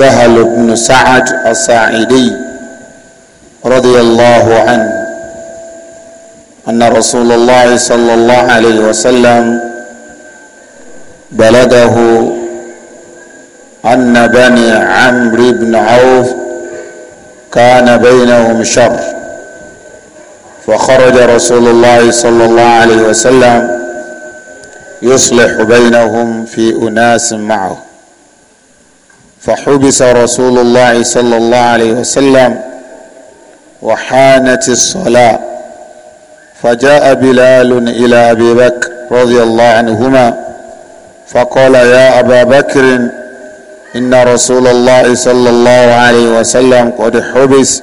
سهل بن سعد الساعدي رضي الله عنه أن رسول الله صلى الله عليه وسلم بلده أن بني عمرو بن عوف كان بينهم شر فخرج رسول الله صلى الله عليه وسلم يصلح بينهم في أناس معه فحبس رسول الله صلى الله عليه وسلم وحانت الصلاة فجاء بلال إلى أبي بكر رضي الله عنهما فقال يا أبا بكر إن رسول الله صلى الله عليه وسلم قد حبس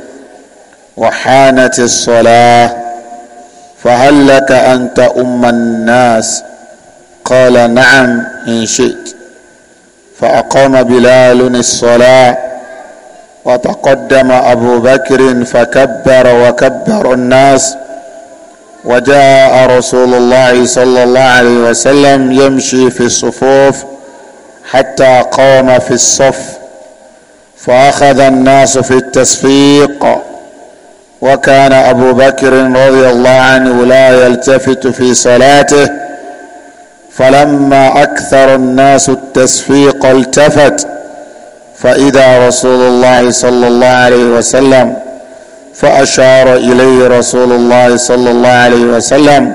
وحانت الصلاة فهل لك أن تأم الناس قال نعم إن شئت فأقام بلال الصلاة وتقدم أبو بكر فكبر وكبر الناس وجاء رسول الله صلى الله عليه وسلم يمشي في الصفوف حتى قام في الصف فأخذ الناس في التصفيق وكان أبو بكر رضي الله عنه لا يلتفت في صلاته فلما اكثر الناس التسفيق التفت فاذا رسول الله صلى الله عليه وسلم فاشار اليه رسول الله صلى الله عليه وسلم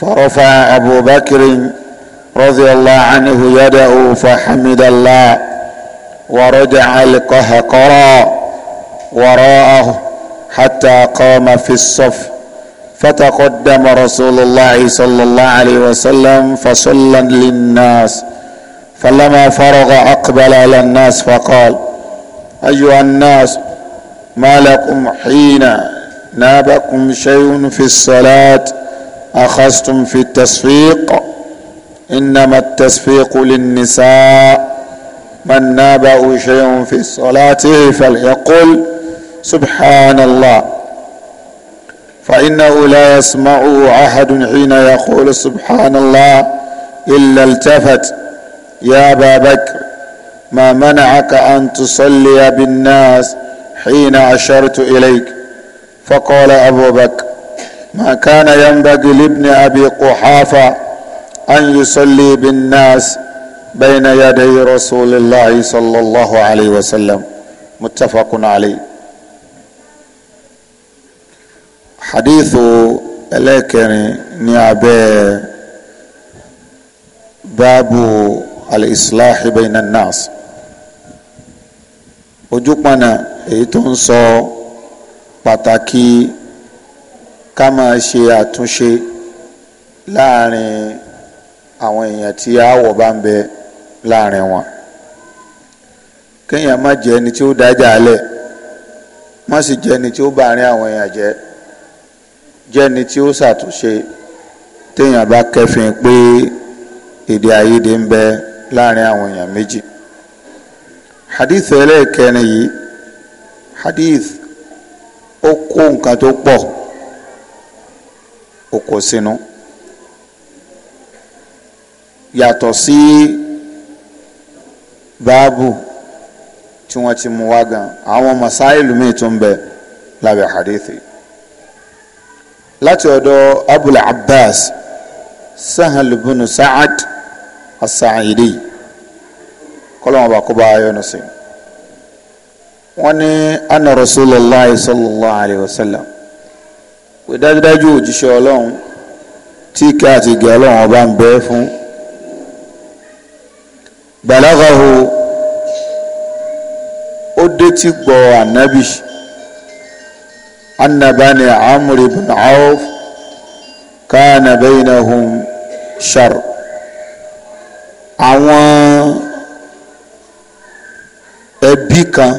فرفع ابو بكر رضي الله عنه يده فحمد الله ورجع القهقرى وراءه حتى قام في الصف فتقدم رسول الله صلى الله عليه وسلم فصلى للناس فلما فرغ اقبل على الناس فقال ايها الناس ما لكم حين نابكم شيء في الصلاه اخذتم في التصفيق انما التصفيق للنساء من نابه شيء في الصلاه فليقل سبحان الله فإنه لا يسمع أحد حين يقول سبحان الله إلا التفت يا أبا بكر ما منعك أن تصلي بالناس حين أشرت إليك فقال أبو بكر ما كان ينبغي لابن أبي قحافة أن يصلي بالناس بين يدي رسول الله صلى الله عليه وسلم متفق عليه hadithu ẹlẹ́kẹrin ní abẹ́ báàbù al-islahi bayna an-nas ojúpọnà èyí tó ń sọ pàtàkì ká máa ṣe àtúnṣe láàrin àwọn èèyàn tí aáwọ̀ bá ń bẹ láàrin wọn kéèyàn má jẹ́ ẹni tí ó dájà alẹ̀ má sì jẹ́ ẹni tí ó bá àárín àwọn èèyàn jẹ́ jẹ́ni tí ó ṣàtúnṣe téèyàn bá kẹ́fìn pé èdè àìyedè ń bẹ láàrin àwọn èèyàn méjì hadith ẹlẹ́ẹ̀kẹrin yìí hadith ó kó nǹkan tó pọ̀ ó kó sínú yàtọ̀ sí báàbù tí wọ́n ti mú wá gan àwọn masáìlú míì tún bẹ lábẹ́ hadith yìí láti ọ̀dọ̀ abul abbas sahal bin sa'ad as-sa'idi kọ́lọ́mọ̀ bá kó bá yọnu sí wọ́n ní anna rasulullah sallallahu alayhi wa sallam pé dájúdájú òjíṣẹ́ ọlọ́run tí ká àti ìgẹ̀ ọlọ́run ọba ń bẹ fún balaghahu ó dé tí gbọ́ ànábì. أن بني عمرو بن عوف كان بينهم شر àwọn ẹbí kan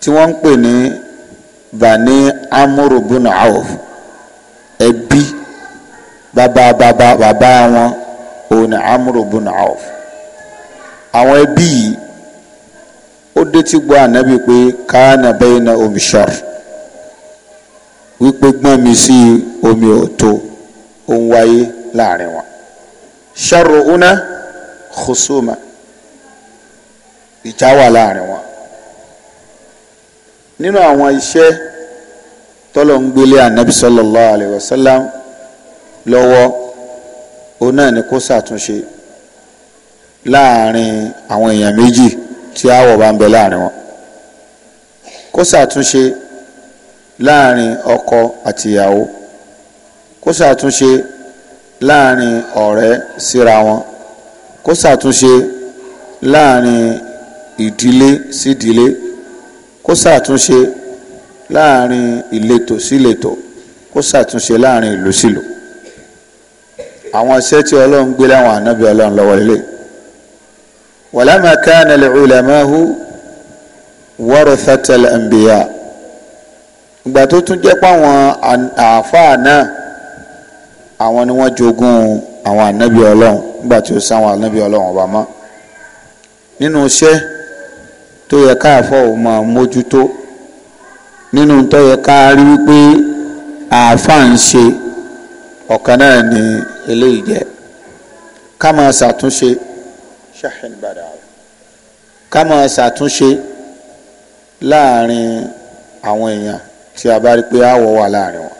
tí wọ́n ń pè ní bani amuru bin auf ẹbí bàbá bàbá bàbá wọn òun ni amuru bin auf àwọn ẹbí yìí ó dé tí gbọ́ ànábì pé káànà bẹ́ẹ̀ na omi ṣọ́ọ̀rù wípé gbọ́n mi sí omi ọ̀tọ̀ ó ń wáyé láàrin wọn. sharru una khusuma ìjà wà láàrin wọn. nínú àwọn iṣẹ́ tọ́lọ̀ ń gbélé anabi sallallahu alayhi wa lọ́wọ́ òun náà ni kó ṣàtúnṣe láàrin àwọn èèyàn méjì tí aáwọ̀ bá ń bẹ láàrin wọn kó ṣàtúnṣe láàrin ọkọ àtìyàwó kó ṣàtúnṣe láàrin ọ̀rẹ́ síra wọn kó ṣàtúnṣe láàrin ìdílé sídílé kó ṣàtúnṣe láàrin ìletò síletò kó ṣàtúnṣe láàrin ìlú sílùú àwọn iṣẹ́ tí ọlọ́run gbé láwọn ànábì ọlọ́run lọ́wọ́ ilé wàlámà kana al-ulama'u warathatal anbiya' ìgbà tó tún jẹ́ páwọn àáfàá náà àwọn ni wọ́n jogún àwọn ànábì ọlọ́run nígbà tí ó sáwọn ànábì ọlọ́run ọba mọ́ nínú iṣẹ́ tó yẹ káàfọ́ ò máa mójútó nínú tó yẹ ká rí wípé àáfàá ń ṣe ọ̀kan náà ni eléyìí jẹ́ ká máa ṣàtúnṣe ká máa ṣàtúnṣe láàrin àwọn èèyàn tí a bá rí pé àwọ̀ wà láàrin wọn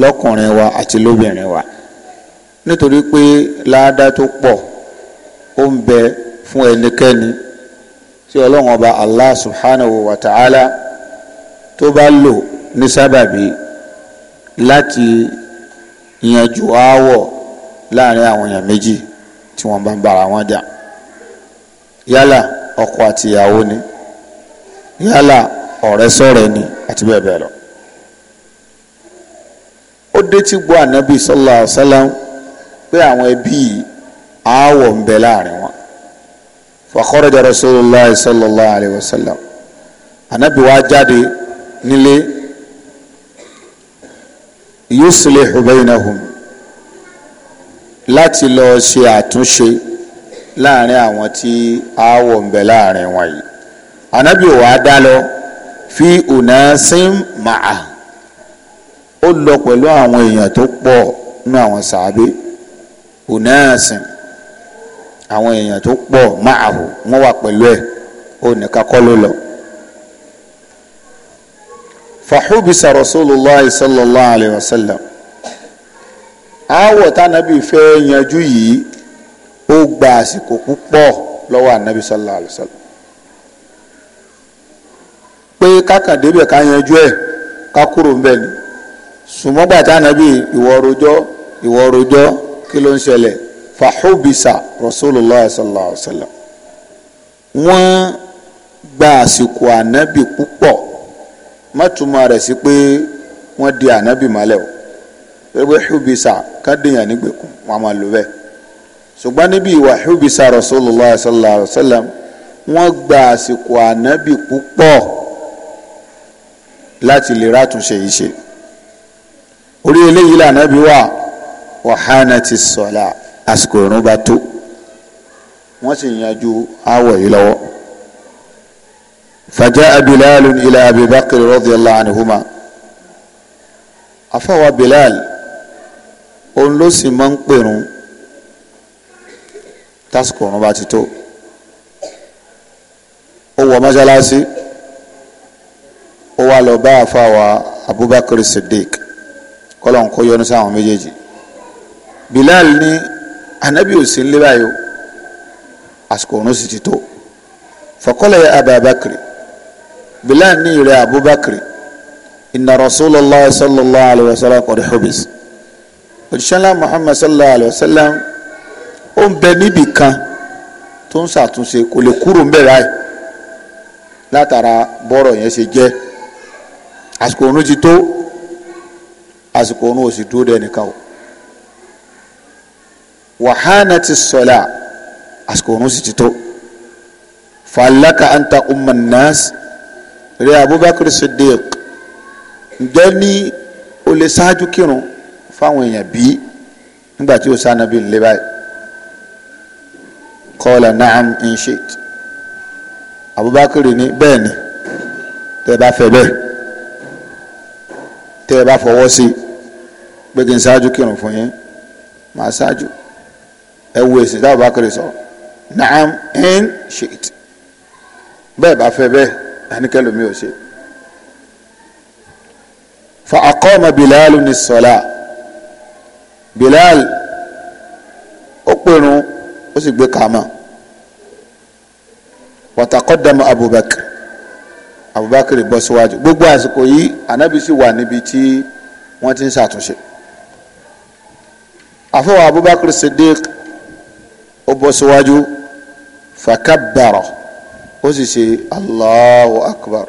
lọ́kùnrin wa àti lóbìnrin wa nítorí pé láàdá tó pọ̀ ó ń bẹ fún ẹnikẹ́ni tí ọlọ́run ọba allah subhanahu wa ta'ala tó bá lò ní sábàbí láti yanjú aáwọ̀ láàrin àwọn èèyàn méjì tí wọ́n bá ń bára wọn jà yálà ọkọ àti ìyàwó ni yálà ọ̀rẹ́ sọ̀rẹ́ ni àti bẹ́ẹ̀ bẹ́ẹ̀ lọ. ó dé tí gbọ́ ànábì sallallahu alaihi wasallam pé àwọn ẹbí aáwọ̀ ń bẹ láàrin wọn. fa kharaja rasulullah sallallahu alaihi wasallam ànábì wa jáde nílé yuslihu bainahum láti lọ ṣe àtúnṣe láàrin àwọn tí aáwọ̀ ń bẹ láàrin wọn yìí ànábì wa dá lọ fi unasim ma'a ó lọ pẹ̀lú àwọn èèyàn tó pọ̀ nínú àwọn sàábé unasim àwọn èèyàn tó pọ̀ ma'ahu wọ́n wà pẹ̀lú ẹ̀ ó nìkan kọ́ ló lọ. fàhùbìsà rasulillah sallallahu alayhi wa sallam aáwọ̀ tánàbì fẹ́ yanjú yìí ó gba àsìkò púpọ̀ lọ́wọ́ ànábì sallallahu alayhi pé kákan débẹ̀ ká yanjú ẹ̀ ká kúrò ńbẹ̀ ni ṣùgbọ́n gbàtà nàbí ìwọ rojọ́ ìwọ rojọ́ kí ló ń ṣẹlẹ̀ fàhùbìsà rasulillah sallallahu alaihi wa sallam wọ́n gba àsìkò ànábì púpọ̀ mọ́túmọ̀ rẹ̀ sí pé wọ́n di ànábì mọ́lẹ̀ o pẹ̀lú hubisa kádìyàn nígbèkùn wọn a máa lò bẹ́ẹ̀ ṣùgbọ́n níbi ìwà hubisa rasulillah sallallahu alaihi wa sallam wọ́n gba àsìkò ànábì púpọ̀ láti lè rátúnṣe yìí ṣe orí eléyìí lànà bí wà wàhánà ti sọ̀la àsìkò ìrun bá tó wọ́n sì yanjú awọ̀ yìí lọ́wọ́ fàjá bilal ilà abibakar radiyallahu anhuma afáwa bilal òun ló sì máa ń pèrún tásìkò ìrun bá ti tó ó wọ mọ́ṣáláṣí ó wá lọ bá àfàwà Abubakar Siddiq kọ́lọ̀ ń kó yọnu sáwọn méjèèjì Bilal ní anabi ò sí ń lé báyìí o àsìkò òun sì ti tó faqala ya Ababakar Bilal ní ìrẹ Abubakar inna Rasulullah sallallahu alayhi wa sallam qad hubis òṣìṣẹ́lá Muhammad sallallahu alayhi wa sallam ó ń bẹ níbì kan tó ń ṣàtúnṣe kò lè kúrò ń bẹ̀rẹ̀ látara bọ́rọ̀ yẹn ṣe jẹ́ àsìkò òun ti tó àsìkò òun ò sì dúró dẹ nìkan o wàhánà ti sọlá àsìkò òun sì ti tó falaka anta umma nas rẹ abubakar siddiq ǹjẹ́ ní o lè ṣáájú kírun fáwọn èèyàn bí nígbà tí o sá nàbí ńlẹ báyìí kọ́ọ̀lá naam in shit abubakar ní bẹ́ẹ̀ ni tẹ́ bá fẹ́ bẹ́ẹ̀ tẹ́ ẹ bá fọwọ́ sí pé kí n ṣáájú kírun fún yín màá ṣáájú ẹ wo èsì táwọn bá kiri sọ naam in shit bẹ́ẹ̀ bá fẹ́ bẹ́ẹ̀ àníkẹ́lòmí ò ṣe fa akọ́mọ bilal ní sọlá bilal ó pèrún ó sì gbé kàmá wàtàkọ́ dàmú abubakar. Abubakar bọ́ síwájú gbogbo àsìkò yìí anabi sì wà níbi tí wọ́n ti ń ṣàtúnṣe àfọwọ́ Abubakar Siddiq ó bọ́ síwájú fakabbara ó sì ṣe Allahu akbar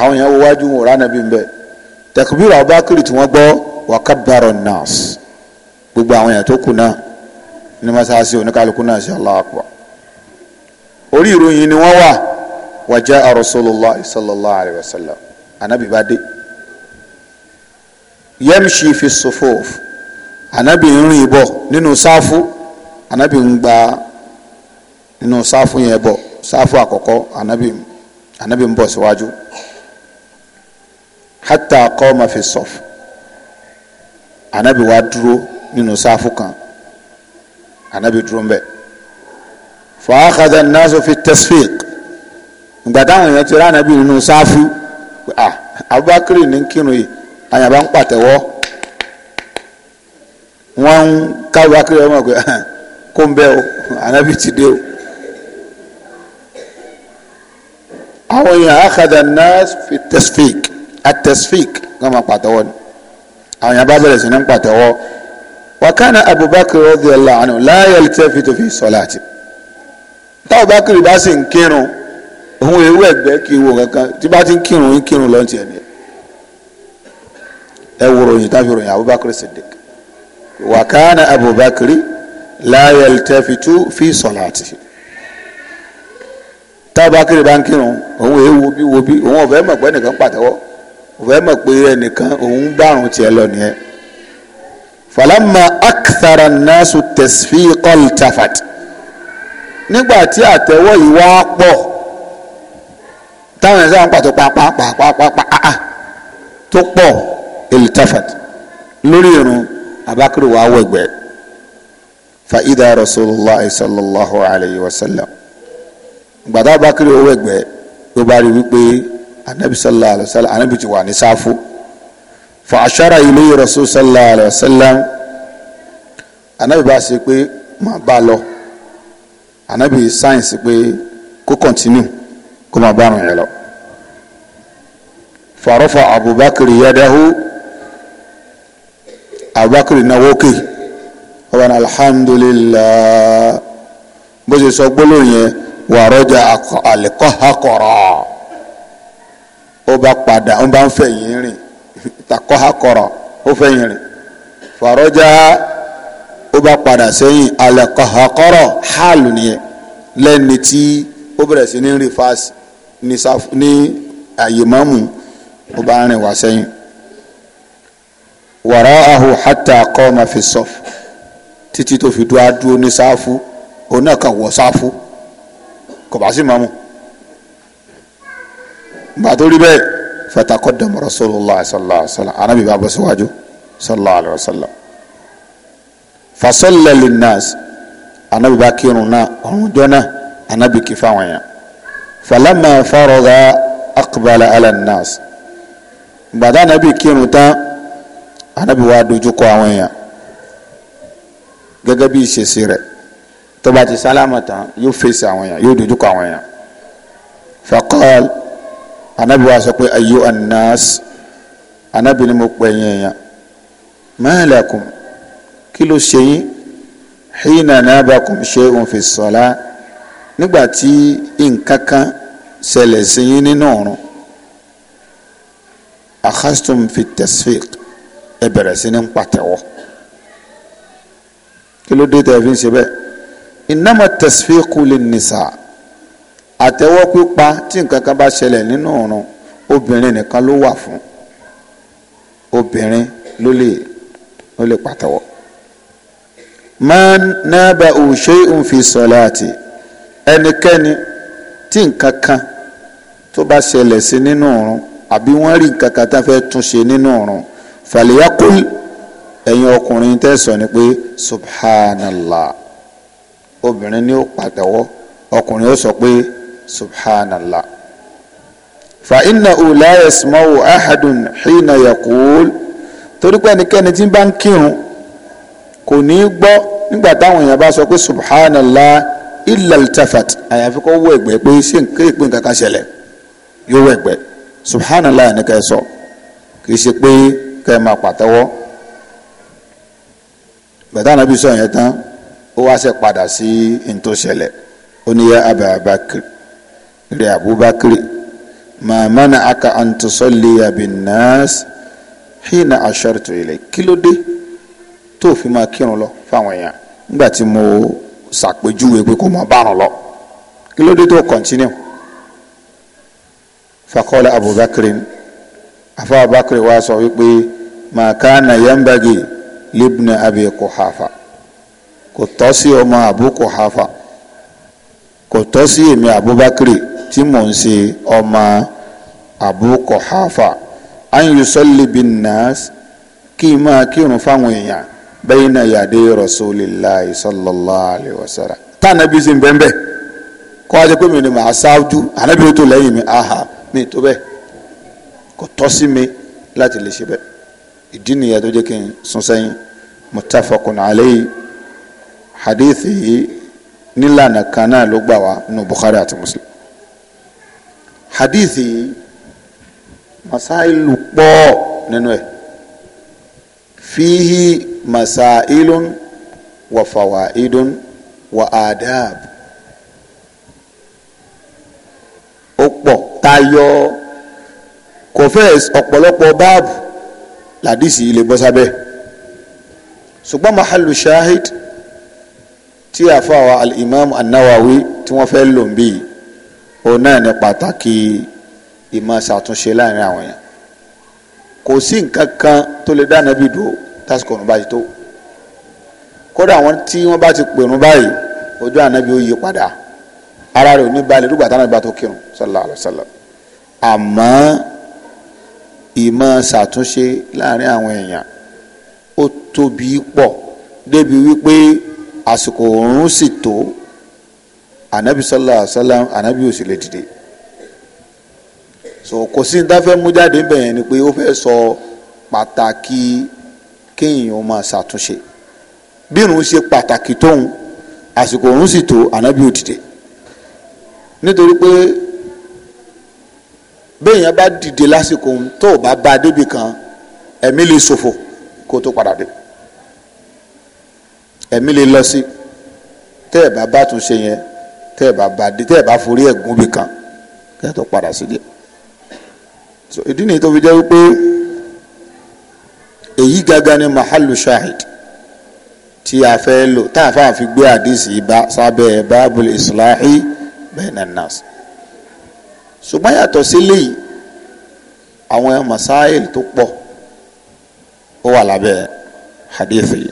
àwọn èèyàn wájú wọn rà nàbí nbẹ takbir Abubakar tí wọ́n gbọ́ wakabbara nas gbogbo àwọn èèyàn tó kù náà ní masáàsì oníkálukú náà ṣe Allahu akbar orí ìròyìn ni wọ́n wà wàjá rasulullah sallallahu alayhi wa sallam anabi bá dé yamshi fi sufuf anabi ń rìn bọ̀ nínú sáfù anabi ń gba nínú sáfù yẹn bọ̀ sáfù àkọ́kọ́ anabi anabi ń bọ̀ síwájú hatta qama fi sọf anabi wá dúró nínú sáfù kan anabi dúró ń bẹ̀ fa akhadha an fi tasfiq ìgbà táwọn èèyàn ti ránà bí nínú sáfù Abubakar ní kírun yìí àyàbá ń pàtẹ́wọ́ wọ́n ń ká Abubakar ọmọ pé kó ń bẹ́ o ànábì ti dé o. àwọn èèyàn akadà náà fi tasfik atasfik wọ́n máa pàtẹ́wọ́ ni àwọn èèyàn bá bẹ̀rẹ̀ sí ní pàtẹ́wọ́ wakana abubakar radiyallahu anhu la yaltafitu fi salati táwọn bá kiri bá sì ń kírun òun ewé ẹgbẹ́ kí n wo kankan tí bá ti ń kírun ń kírun lọ́n tiẹ̀ ni ẹ wo ròyìn táfi ròyìn Abubakar Siddiq wàkánà Abubakar láyé tẹfitú fi sọláàtì tábàkiri bá ń kírun òun èé bí wo bí òun ọ̀fẹ́ mọ̀ pé ẹnìkan pàtẹ́wọ́ ọ̀fẹ́ mọ̀ pé ẹnìkan òun bárun tiẹ̀ lọ nìyẹn falama akthara nasu tesfi kọl tafat nígbà tí àtẹ́wọ́ yìí wá pọ̀ táwọn ẹ̀sán pàtó pàápàápàápàápàá ah, ah, tó pọ̀ elitafat lórí irun abakiri wàá wẹ̀gbẹ́ fa idà rasulillah sallallahu alayhi wa sallam gbàdá abakiri wàá wẹ̀gbẹ́ ló bá rí wípé anabi sallallahu alayhi wa sallam anabi ti wà ní sáfù fa ashara ilayhi rasul sallallahu alayhi wa sallam anabi bá ṣe pé máa bá lọ anabi sáyẹnsì pé kó kọ́ntínú kó máa bá àwọn yẹn lọ. farafa abubakar yadahu abubakar nawókè wọn alhamdulilah bó ṣe sọ gbólóhùn yẹn wà rọjà àlẹkọhakọrọ ó bá padà ó bá ń fẹ̀yìn rìn takọhakọrọ ó fẹ̀yìn rìn faraja ó bá padà sẹ́yìn alẹ́kọ̀ọ́kọ́rọ̀ hàlù nìyẹn lẹ́ni tí ó bẹ̀rẹ̀ sí ní rìfáàsì ní àyè mọ́mù ó bá rìn wá sẹ́yìn wàrà ahu hata qama fi saf títí tó fi dúró dúró ní sáfù òun náà kàn wọ sáfù kò bá sí mọ́mù gbàtó rí bẹ́ẹ̀ fataqaddama rasulullah sallallahu alaihi wa sallam anabi bá bọ́ síwájú sallallahu alaihi wa sallam fasalla linnas anabi bá kírun náà ọ̀run jọ náà anabi kí fáwọn yẹn. فلما فرغ أقبل على الناس بعد kírun tán anabi wa dojú kọ àwọn èèyàn gẹ́gẹ́ bí ìṣesí rẹ̀ tó bá ti sálámà tán yóò fèsì àwọn èèyàn yóò dojú kọ àwọn èèyàn fakọọl anabi wa sọ pé ayo anas anabi ni mo pè yín èèyàn mẹ́lẹ̀kùn kí ló ṣe yín hìnnà nàbàkùn ṣe òun nígbà tí nǹkan kan ṣẹlẹ̀ sí yín nínú ọ̀run akhastum fi tasfiq ẹ bẹ̀rẹ̀ sí ní pàtẹ́wọ́ kí ló dé tẹ̀ fi ń ṣe bẹ́ẹ̀ innama tasfiq linnisa àtẹ́wọ́ pípa tí nǹkan kan bá ṣẹlẹ̀ nínú ọ̀run obìnrin nìkan ló wà fún obìnrin ló lè ló lè pàtẹ́wọ́ man naba'u shay'un fi salati. ẹnikẹ́ni tí nǹkan kan tó bá ṣẹlẹ̀ sí nínú ọ̀run àbí wọ́n rí nǹkan kan tá a fẹ́ tún ṣe nínú ọ̀run fàlìyàkùn ẹ̀yin ọkùnrin tẹ́ ni pé subhanallah obìnrin ni ó pàtẹ́wọ́ ọkùnrin ó sọ pé subhanallah fa inna la yasma'u ahadun hina yaqul torí pé ẹnikẹ́ni tí bá ń kírun kò ní í gbọ́ nígbà táwọn èèyàn bá sọ pé subhanallah. illa altafat àyàfi kó wọ ẹ̀gbẹ́ pé ṣé kéèpé nǹkan kan ṣẹlẹ̀ yóò wọ ẹ̀gbẹ́ subhanallah ni ká ẹ sọ kì í ṣe pé ká ẹ máa pàtẹ́wọ́ bàtà nàbí sọ yẹn tán ó wá ṣe padà sí ntòṣẹlẹ̀ ó ní yẹ abàbàkiri rẹ abubakiri ma mana'aka an tusalliya bin hina ashartu ilay kí tó fi máa kírun lọ fáwọn èèyàn nígbà tí mo. ṣàpèjúwe pé kò mọ bárùn lọ kí ló dé tó continue fakọlẹ abubakar afa abubakar wa sọ wípé na yambagi libna abi kuhafa kò tọ́ sí ọmọ abu kuhafa kò tọ́ sí èmi abubakar tí mò ń ṣe ọmọ abu kuhafa an yusalli bin nas kí n máa kírun fáwọn èèyàn bayna yàdé rasulillahi sallallahu alayhi wa sallam tá ànábi sì ń bẹ́ẹ̀ bẹ́ẹ̀ kọ́ ajẹ́ pé mi ni màá ṣáájú ànábi tó lẹ́yìn mi aha mi tó bẹ́ẹ̀ kò tọ́ sí mi láti lè ṣe bẹ́ẹ̀ ìdí nìyẹn tó jẹ́ kí n sún sẹ́yìn muttafaqun alayhi hadithi yìí nílànà kan náà ló gbà wá nù Bukhari àti Muslim hadithi yìí masailu pọ̀ nínú ẹ̀ fihi masailun wa fawaidun wa adab ó pọ̀ tayọ kò fẹ́ ọ̀pọ̀lọpọ̀ báàbù làdísì ilé bọ́ sábẹ́ ṣùgbọ́n mahalu shahid tí àfàwà al-imam an-nawawi tí wọ́n fẹ́ lò ń bí òun náà ní pàtàkì ìmọ̀ ṣàtúnṣe láàrin àwọn yẹn kò sí nǹkan kan tó lè dá nàbí dúró tásìkò ọ̀run bá ti tó kódà wọn tí wọn bá ti pèrún báyìí ojú ànábi ó yí padà ara rẹ̀ ò ní balẹ̀ dùgbà táwọn ìgbà tó kírun sallallahu alaihi wasallam àmọ́ ìmọ̀ ṣàtúnṣe láàrin àwọn èèyàn ó tóbi pọ̀ débi wípé àsìkò òórùn sì tó ànábi sallallahu alaihi wasallam ànábi ò sì lè dìde so kò sí ní tá fẹ́ mú jáde ń ni pé ó fẹ́ sọ pàtàkì. So, kéèyàn ó máa ṣàtúnṣe bí irun ṣe pàtàkì tóun àsìkò òun sì tó ànábì òdìdè nítorí pé béèyàn bá dìde lásìkò òun tó o bá bá a débi kan ẹ̀mí lè ṣòfò kó o tó padà dé ẹ̀mí lè lọ sí tẹ́ ẹ̀ bá bá tún ṣe yẹn tẹ́ ẹ̀ bá bá dé tẹ́ ẹ̀ bá forí ẹ̀gún bì kẹ́ ẹ̀ tó padà sí díẹ̀ so ìdí nìyí tó fi jẹ́ wípé èyí gangan ni mahalu shahid tí a fẹ́ lò tá a fà fi gbé àdìsí ibà sábẹ́ babul islahi bẹ́ẹ̀nà nas ṣùgbọ́n yàtọ̀ sílé yìí àwọn masáìl tó pọ̀ ó wà lábẹ́ hadith yìí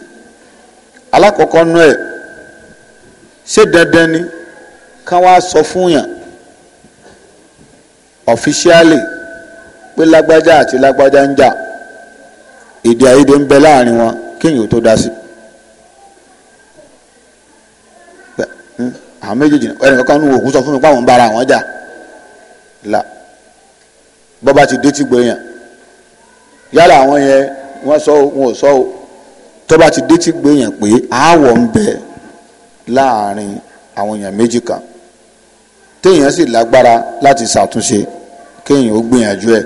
alákọ̀ọ́kọ́ nú ẹ̀ ṣé dandan ni ká wá sọ fún yàn ọ̀fíṣíálì pé lágbájá àti lágbájá ń jà èdè àìyedè ń bẹ láàrin wọn kéèyàn tó dá sí. àwọn méjèèjì ẹnì kankan nù òkú sọ fún mi pé àwọn ń bára àwọn jà là bọ́ba ti dé ti gbẹ̀yàn yálà àwọn yẹn wọ́n sọ wọn ò sọ o tọ́ba ti dé ti gbẹ̀yàn pé àáwọ̀ ń bẹ láàrin àwọn èèyàn méjì kan téèyàn sì lágbára láti ṣàtúnṣe kéèyàn ó gbìyànjú ẹ̀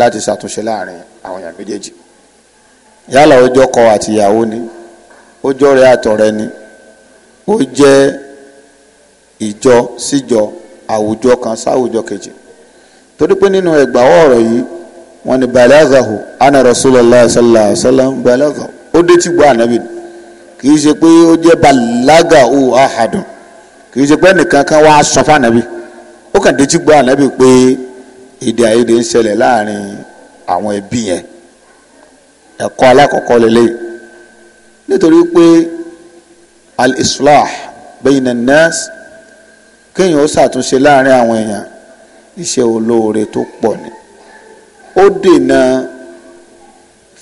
láti ṣàtúnṣe láàrin àwọn èèyàn méjèèjì. yálà ó jọkọ àtìyàwó ni ó jọ̀rẹ́ àtọ̀rẹ́ ni ó jẹ́ ìjọ síjọ àwùjọ kan sáwùjọ kejì torí pé nínú ẹgbàáwọ̀ ọ̀rọ̀ yìí wọn ní balagahu ana rasulullah sallallahu alaihi wa sallam balagahu ó dé tí gbọ́ ànábì kì í ṣe pé ó jẹ́ balagahu ahadun ṣe pé ẹnìkan kan wá sọ fún ànábì ó kàn dé tí gbọ́ ẹ̀kọ́ alákọ̀ọ́kọ́ lélẹ́yìn nítorí pé al-islah bayna an-nas kéèyàn ó ṣàtúnṣe láàrin àwọn èèyàn iṣẹ́ olóore tó pọ̀ ni ó dènà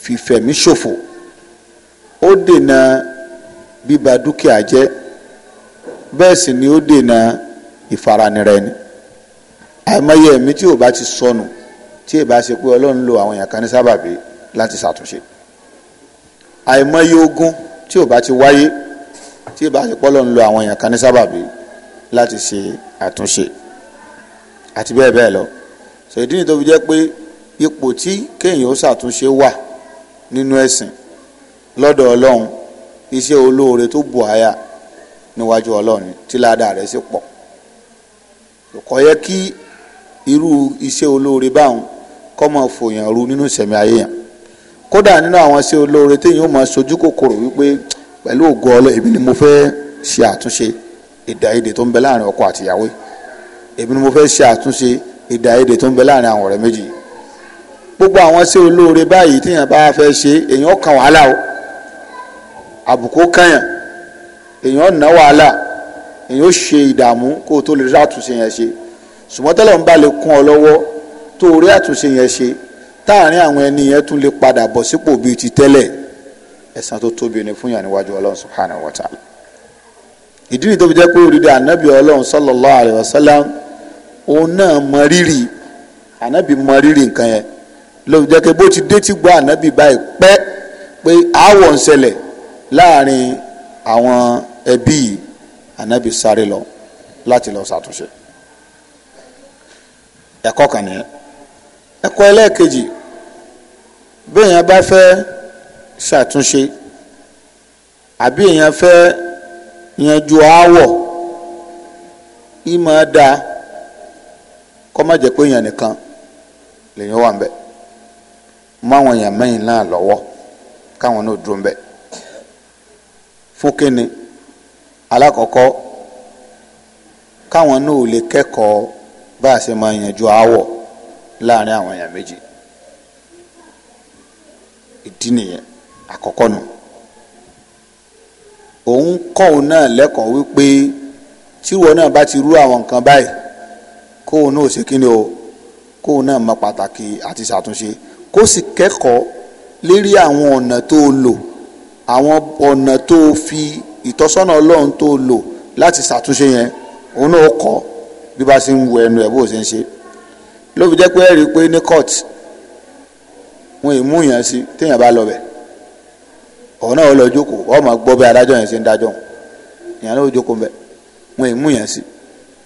fífẹ̀mí ṣòfò ó dènà bíba dúkìá jẹ́ bẹ́ẹ̀ sì ni ó dènà ìfaranirẹ ni àìmọye ẹ̀mí tí ò bá ti sọnù tí ì bá ṣe pé ọlọ́run lo àwọn èèyàn kan ní sábàbí láti ṣàtúnṣe àìmọye ogun tí ò bá ti wáyé tí ìbá ti pọ́lọ́ ń lo àwọn èèyàn kan ní sábàbí láti ṣe àtúnṣe àti bẹ́ẹ̀ bẹ́ẹ̀ lọ ṣèdí ni tó fi jẹ́ pé ipò tí kéèyàn ó ṣàtúnṣe wà nínú ẹ̀sìn lọ́dọ̀ ọlọ́run iṣẹ́ olóore tó bù àyà níwájú ọlọ́run tí ládàá rẹ̀ sì pọ̀ kò yẹ kí irú iṣẹ́ olóore báwọn kọ́ máa fòyàn ru nínú ìṣẹ̀mí ayé yẹn kódà nínú àwọn ṣe olóore téèyàn ó máa sojú kòkòrò wípé pẹ̀lú ògo Ọlọ́run èmi ni mo fẹ́ ṣe àtúnṣe èdèàìyedè tó ń bẹ láàrin ọkọ àtìyàwó èmi ni mo fẹ́ ṣe àtúnṣe èdèàìyedè tó ń bẹ láàrin àwọn ọ̀rẹ́ méjì gbogbo àwọn ṣe olóore báyìí téèyàn bá fẹ́ ṣe èèyàn kan wàhálà o àbùkù kàyàn èèyàn ná wàhálà èèyàn ṣe ìdààmú kó o tó lè rí àtúnṣe yẹn ṣe ṣùgbọ́n tẹ́lẹ̀ ń táàrin àwọn ẹni yẹn tún lè padà bọ̀ sípò bíi ti tẹ́lẹ̀ ẹ̀san tó tóbi ni fún yàn níwájú ọlọ́run subhanahu wa ta'ala ìdí nìyí tó fi jẹ́ pé òdìdí anabi ọlọ́run sallallahu alayhi wa sallam òun náà mọ rírì ànábì mọ rírì nǹkan yẹn ló fi jẹ́ pé bó ti dé ti gbọ́ ànábì báyìí pẹ́ pé aáwọ̀ ń ṣẹlẹ̀ láàrin àwọn ẹbí ànábì sáré lọ láti lọ ṣàtúnṣe ẹ̀kọ́ kan nìyẹn ẹ̀kọ́ ẹlẹ́ẹ̀kejì béèyàn bá fẹ́ ṣàtúnṣe àbí èèyàn fẹ́ yanjú aáwọ̀ ìmọ̀ da kọ́ má jẹ́ pé èèyàn nìkan lèèyàn wà ń bẹ̀ mọ àwọn èèyàn mẹ́yìn náà lọ́wọ́ káwọn náà dúró ń bẹ̀ fún kínni alákọ̀ọ́kọ́ káwọn náà ò lè kẹ́kọ̀ọ́ bá a ṣe máa yanjú aáwọ̀ láàrin àwọn èèyàn méjì ìdí nìyẹn àkọ́kọ́ nù òun kọ́ òun náà lẹ́kọ̀ọ́ wípé tíwọ náà bá ti rú àwọn nǹkan báyìí kóun náà ṣe kí ni o kóun náà mọ pàtàkì àti ṣàtúnṣe kó sì kẹ́kọ̀ọ́ lérí àwọn ọ̀nà tó o lò àwọn ọ̀nà tó o fi ìtọ́sọ́nà ọlọ́run tó o lò láti ṣàtúnṣe yẹn òun náà kọ́ bí bá ṣe ń wo ẹnu ẹ̀ bó ṣe ń ṣe ló fi jẹ́ pé ẹ̀rí pé ní court wọn ì mú yàn sí téèyàn bá lọ bẹ̀ ọ̀hún náà ó lọ jókòó ọ̀ máa gbọ́ bẹ́ẹ̀ adájọ́ yẹn ṣe ń dájọ́ yàn náà ó jókòó bẹ́ẹ̀ wọn ì mú yàn sí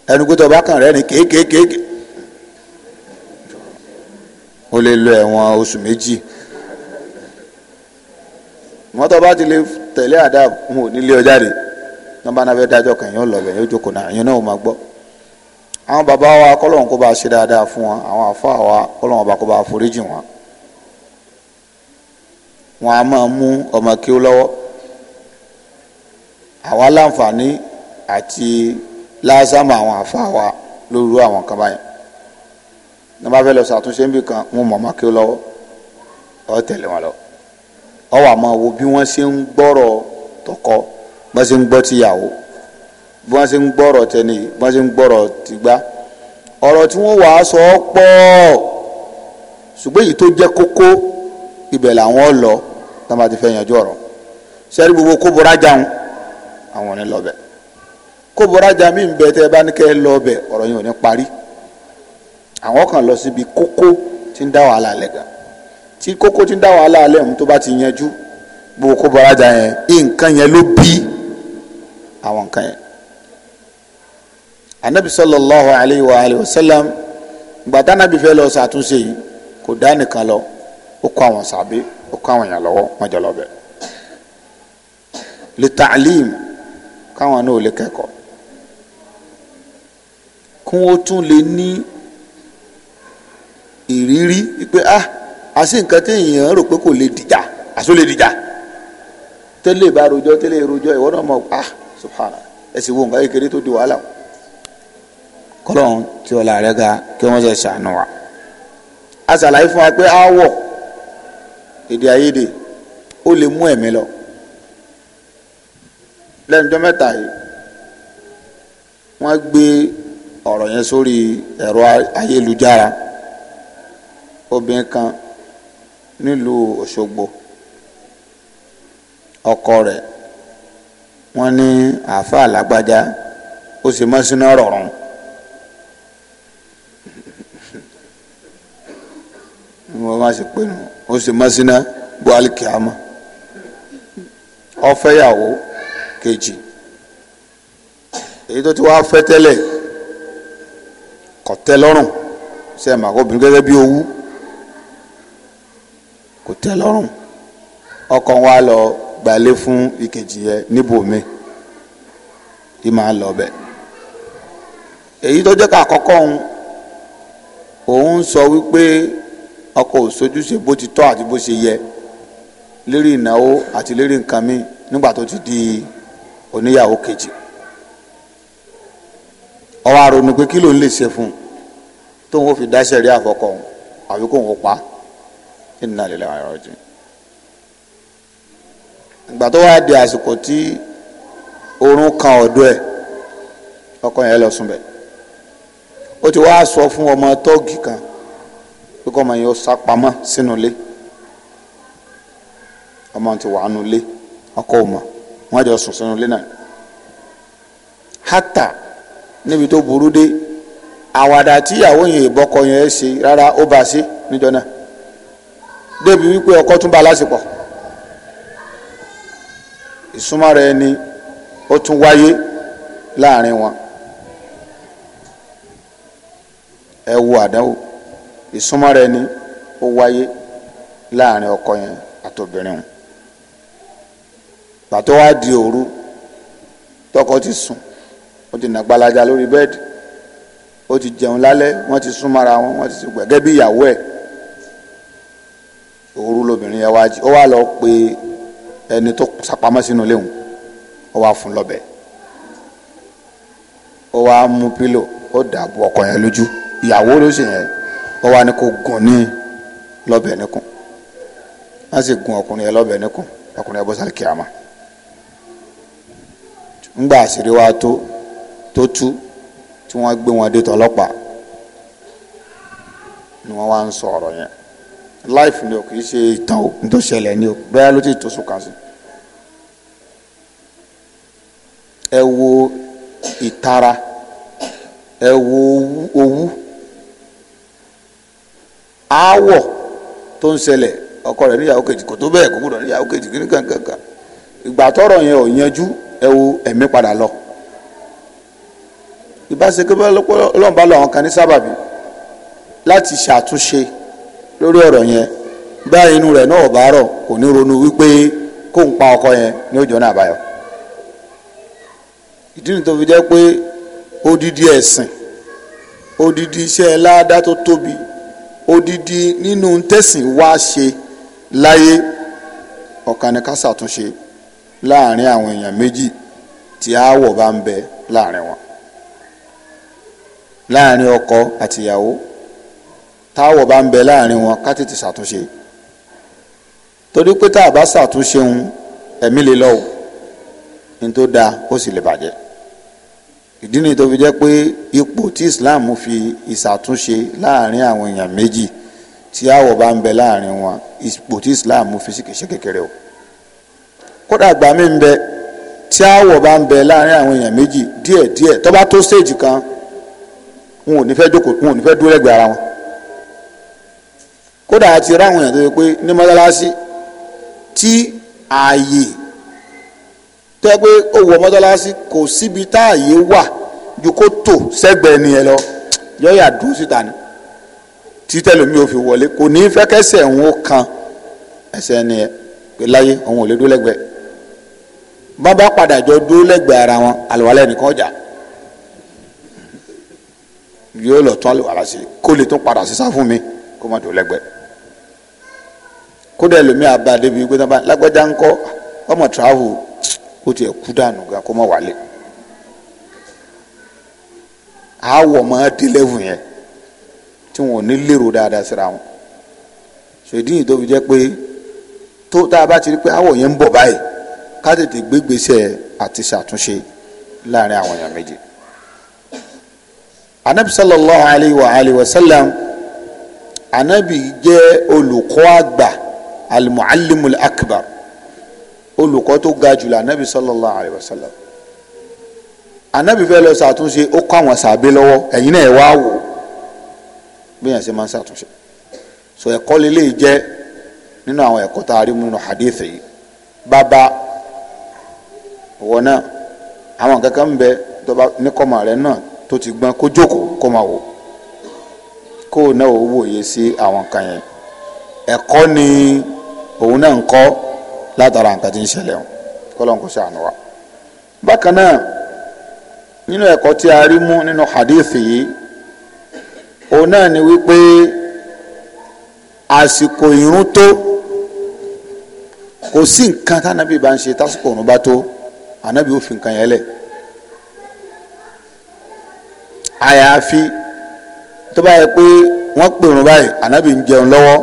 ẹnu pé tọba kan rẹ ni kéékèèké o lè lo ẹ̀wọ̀n oṣù méjì wọn tọba ti lè tẹ̀lé àdá wọn ò ní lé ọ jáde tọ́ba náà fẹ́ dájọ́ kan yẹn lọ bẹ̀ yẹn jókòó náà yẹn náà ó máa gbọ́ àwọn Baba wa kọ́lọ́hún kó ba ṣe dáadáa fún wọn àwọn àfa wa kọ́lọ́hún ọba kó bá foríjì wọn wọn a máa mú ọmọ kí ó lọ́wọ́ àwa láǹfààní àti láàzámù àwọn àfa wa lóru àwọn kan báyìí ní bá fẹ́ lọ ṣàtúnṣe níbi kan wọn mọ̀ ọmọ kí ó lọ́wọ́ ọ tẹ̀lé wọn lọ ọ wà wo bí wọ́n ṣe ń gbọ́rọ̀ tọkọ bá ṣe ń gbọ́ tìyàwó bí wọ́n ṣe ń gbọ́rọ̀ tẹ́ni bí wọ́n ṣe ń gbọ́rọ̀ tìgbà ọ̀rọ̀ tí wọ́n wàá sọ ọ́ pọ̀ ṣùgbọ́n èyí tó jẹ́ kókó ibẹ̀ làwọn lọ táwọn bá ti fẹ́ yanjú ọ̀rọ̀ sẹ́rí gbogbo kóbora jáun àwọn ò ní lọ bẹ̀ kóbora já mí bẹ tẹ́ ẹ bá ní kẹ́ ẹ lọ bẹ̀ ọ̀rọ̀ yẹn ò ní parí àwọn kan lọ síbi kókó tí ń dá wàhálà lẹ̀ gan tí kókó tí ń dá wàhálà lẹ̀ ń tó bá ti yanjú gbogbo kóbora já yẹn nǹkan yẹn ló bí àwọn nǹkan yẹn anabi sallallahu alayhi wa alayhi wa sallam gbàtà anabi fẹ́ lọ ṣàtúnṣe yìí kò dá nìkan lọ ó kọ àwọn sàbí ó kọ àwọn èèyàn lọ́wọ́ wọn jọ lọ bẹ̀ lè tàlím káwọn náà lè kẹ́kọ̀ọ́ kí wọ́n tún lè ní ìrírí pé ah àṣì nǹkan tí èèyàn rò pé kò lè dìjà àṣọ lè dìjà tẹ́lẹ̀ bá rojọ́ tẹ́lẹ̀ rojọ́ ìwọ náà mọ̀ ah subhana ẹ̀ sì wo nǹkan kékeré tó di wàhálà o kọlọ́hún tí ọ̀la rẹ̀ ga kí wọ́n ṣe ṣàánú wa. a ṣàlàyé fún wa pé aáwọ̀ èdè àìyedè ó lè mú ẹ̀mí lọ lẹ́nu jọ́ mẹ́ta yìí wọ́n gbé ọ̀rọ̀ yẹn sórí ẹ̀rọ ayélujára obìnrin kan nílùú Òṣogbo ọkọ rẹ̀ wọ́n ní àáfàá lágbájá ó sì mọ́ sínú ọ̀rọ̀ ọ̀run ni a bá ṣe pé o ó sì mọ́síná buhari kìámà ọ̀fẹ́yàwó kejì èyí tó ti wá fẹ́ tẹ́lẹ̀ kò tẹ́ ṣe é bí owú kò ọkọ wa lọ gbalé fún ìkejì yẹ níbòmí máa lọ èyí tó ká òun ọkọ òsojúṣe bó ti tọ́ àti bó ṣe yẹ lérí ìnáwó àti lérí nǹkan mi ti di oníyàwó kejì ọwọ́ wá pé kí ló ń lè ṣe fún un tóun ó fi dá sẹ̀rí àfọkọ̀ àbí kóun ó pa ìgbà tó wáá di àsìkò sọ fún ọmọ kan pé osapama sinule yẹn ó sá pamọ́ ọmọ ti wà ọkọ ò mọ̀ jọ sùn sínú ilé náà hátà níbi tó burú dé àwàdà tíyàwó yẹn ìbọkọ yẹn ṣe rárá ó bá ṣe ọkọ tún bá lásìkò ìsúnmọ́ rẹ ni ó tún wáyé láàrin wọn ẹ ìsúnmọ́ rẹ̀ ni ó wáyé láàrin ọkọ yẹn àtobìnrin wọn pàtó wá di òru tọkọ ti sùn ó ti nà gbalaja lórí bẹ́ẹ̀dì ó ti jẹun lálẹ́ wọ́n ti sún mọ́ra wọn wọ́n ti sùn gẹ́gẹ́ bí ìyàwó ẹ̀ òru lobìnrin yẹn wá jí ó wá lọ pe ẹni tó sapamọ́ sínú léwu ó wá fún lọ́bẹ̀ ó wá mú pílò ó dàbò ọkọ yẹn lójú ìyàwó ló sì yẹn wọ́n wá ní kó gùn ní lọ́bẹ̀ wọ́n sì gùn ọkùnrin yẹn lọ́bẹ̀ ọkùnrin yẹn bọ́ sálì kìámà ńgbà àṣírí wa tó tó tú tí wọ́n gbé wọn dé ọlọ́pàá ni wọ́n wá ń sọ ọ̀rọ̀ yẹn láìfù ni o kì í ṣe ìtàn o ní tó ṣẹlẹ̀ aáwọ̀ tó ń ṣẹlẹ̀ ọkọ rẹ̀ níyàwó kejì kò tó bẹ́ẹ̀ kò gbọ́dọ̀ níyàwó kejì kí ní kankankan ìgbà tọ́rọ̀ yẹn ò yanjú ẹ wo ẹ̀mí padà lọ ìbáṣekẹ́ bá lọ́nba lọ àwọn kan ní sábàbí láti ṣàtúnṣe lórí ọ̀rọ̀ yẹn bá inú rẹ̀ náà bá rọ̀ kò ní ronú wípé kó ń pa ọkọ yẹn ní ọjọ́ náà àbáyọ. ìdí nìyí fi jẹ́ pé odidi ẹ̀sìn odidi iṣẹ́ ládá tó tóbi odidi nínú tẹ̀sìn wá ṣe láyé ọ̀kan ni ká ṣàtúnṣe láàrin àwọn èèyàn méjì tí aáwọ̀ bá ń bẹ láàrin wọn láàrin ọkọ àtìyàwó táwọ̀ bá ń bẹ láàrin wọn ká tètè ṣàtúnṣe torí pé tá a bá ṣàtúnṣe ń ẹ̀mí lè lọ́wọ́ ní tó dáa ó sì lè bàjẹ́ ìdí nìyí tó fi jẹ́ pé ipò tí islam fi ìṣàtúnṣe láàrin àwọn èèyàn méjì tí àwọ̀ bá ń bẹ láàrin wọn ipò tí islam fi ṣe kékeré o kódà àgbà mi ń bẹ tí àwọ̀ bá ń bẹ láàrin àwọn èèyàn méjì díẹ̀díẹ̀ tó bá tó stage kan wọn ò ní fẹ́ jókòó wọn ò ní fẹ́ dúró lẹ́gbẹ̀ẹ́ ara wọn kódà àti ráwọn èèyàn tó yẹ pé ní mọ́tálásí tí ààyè tẹ́ pé mọ́tálásí kò síbi tá ààyè wà ju kó tò sẹ́gbẹ̀ẹ́ nìyẹn lọ yọ̀ọ́yà dùn síta ni títẹ̀lómi ò fi wọlé kò ní fẹ́ kẹsẹ̀ òun ó kan ẹsẹ̀ nìyẹn pé láyé òun ò lè dúró lẹ́gbẹ̀ẹ́ bá bá padà jọ dúró lẹ́gbẹ̀ẹ́ ara wọn àlùwalẹ̀ nìkan ọjà yóò lọ tún àlùwalẹ̀ sí kó lè tún padà sísá fún mi kó má dúró lẹ́gbẹ̀ẹ́ kódà ẹlòmíà bá a débi gbé náà bá lágbájá ńkọ́ ọmọ tíráhù ó tiẹ̀ kú dànù gan kó má wálé àwọ̀ máa dé lẹ́wù yẹn tí wọn ò ní lérò dáadáa síra wọn ṣèdí yìí tó fi jẹ́ pé tó tá a bá ti rí pé àwọ̀ yẹn ń bọ̀ báyìí ká tètè gbégbèsè àti ṣàtúnṣe láàrin àwọn èèyàn méjì anabi sallallahu alayhi wa alayhi wa sallam anabi jẹ́ olùkọ́ àgbà alimualimul akbar olùkọ́ tó ga jùlọ anabi sallallahu alayhi wa sallam anabi fẹ́ lọ ṣàtúnṣe ó kọ́ àwọn sàbẹ̀ lọ́wọ́ ẹ̀yin náà ẹ̀ wá wò bí yẹn ṣe máa ń ṣàtúnṣe so ẹ̀kọ́ lélẹ́yìí jẹ́ nínú àwọn ẹ̀kọ́ tá a rí nínú hadith yìí bàbá wọn náà àwọn kankan ń bẹ tọba ní kọ́mọ rẹ náà tó ti gbọ́n kó jókòó kó máa wò kó o náà wòye sí àwọn kan yẹn ẹ̀kọ́ ni òun náà ń kọ́ látara nǹkan tí ń ṣẹlẹ̀ wọn kọ́ ṣàánú wa bákan náà nínú ẹ̀kọ́ tí a rí mú nínú hadithi yìí òun náà ni wípé àsìkò ìrun tó kò sí nǹkan tánàbí bá ń ṣe tásìkò ìrun bá tó ànábì ó fi nǹkan yẹn lẹ̀ àyàfi tó bá yẹ pé wọ́n pè ìrun báyìí ànábì ń jẹun lọ́wọ́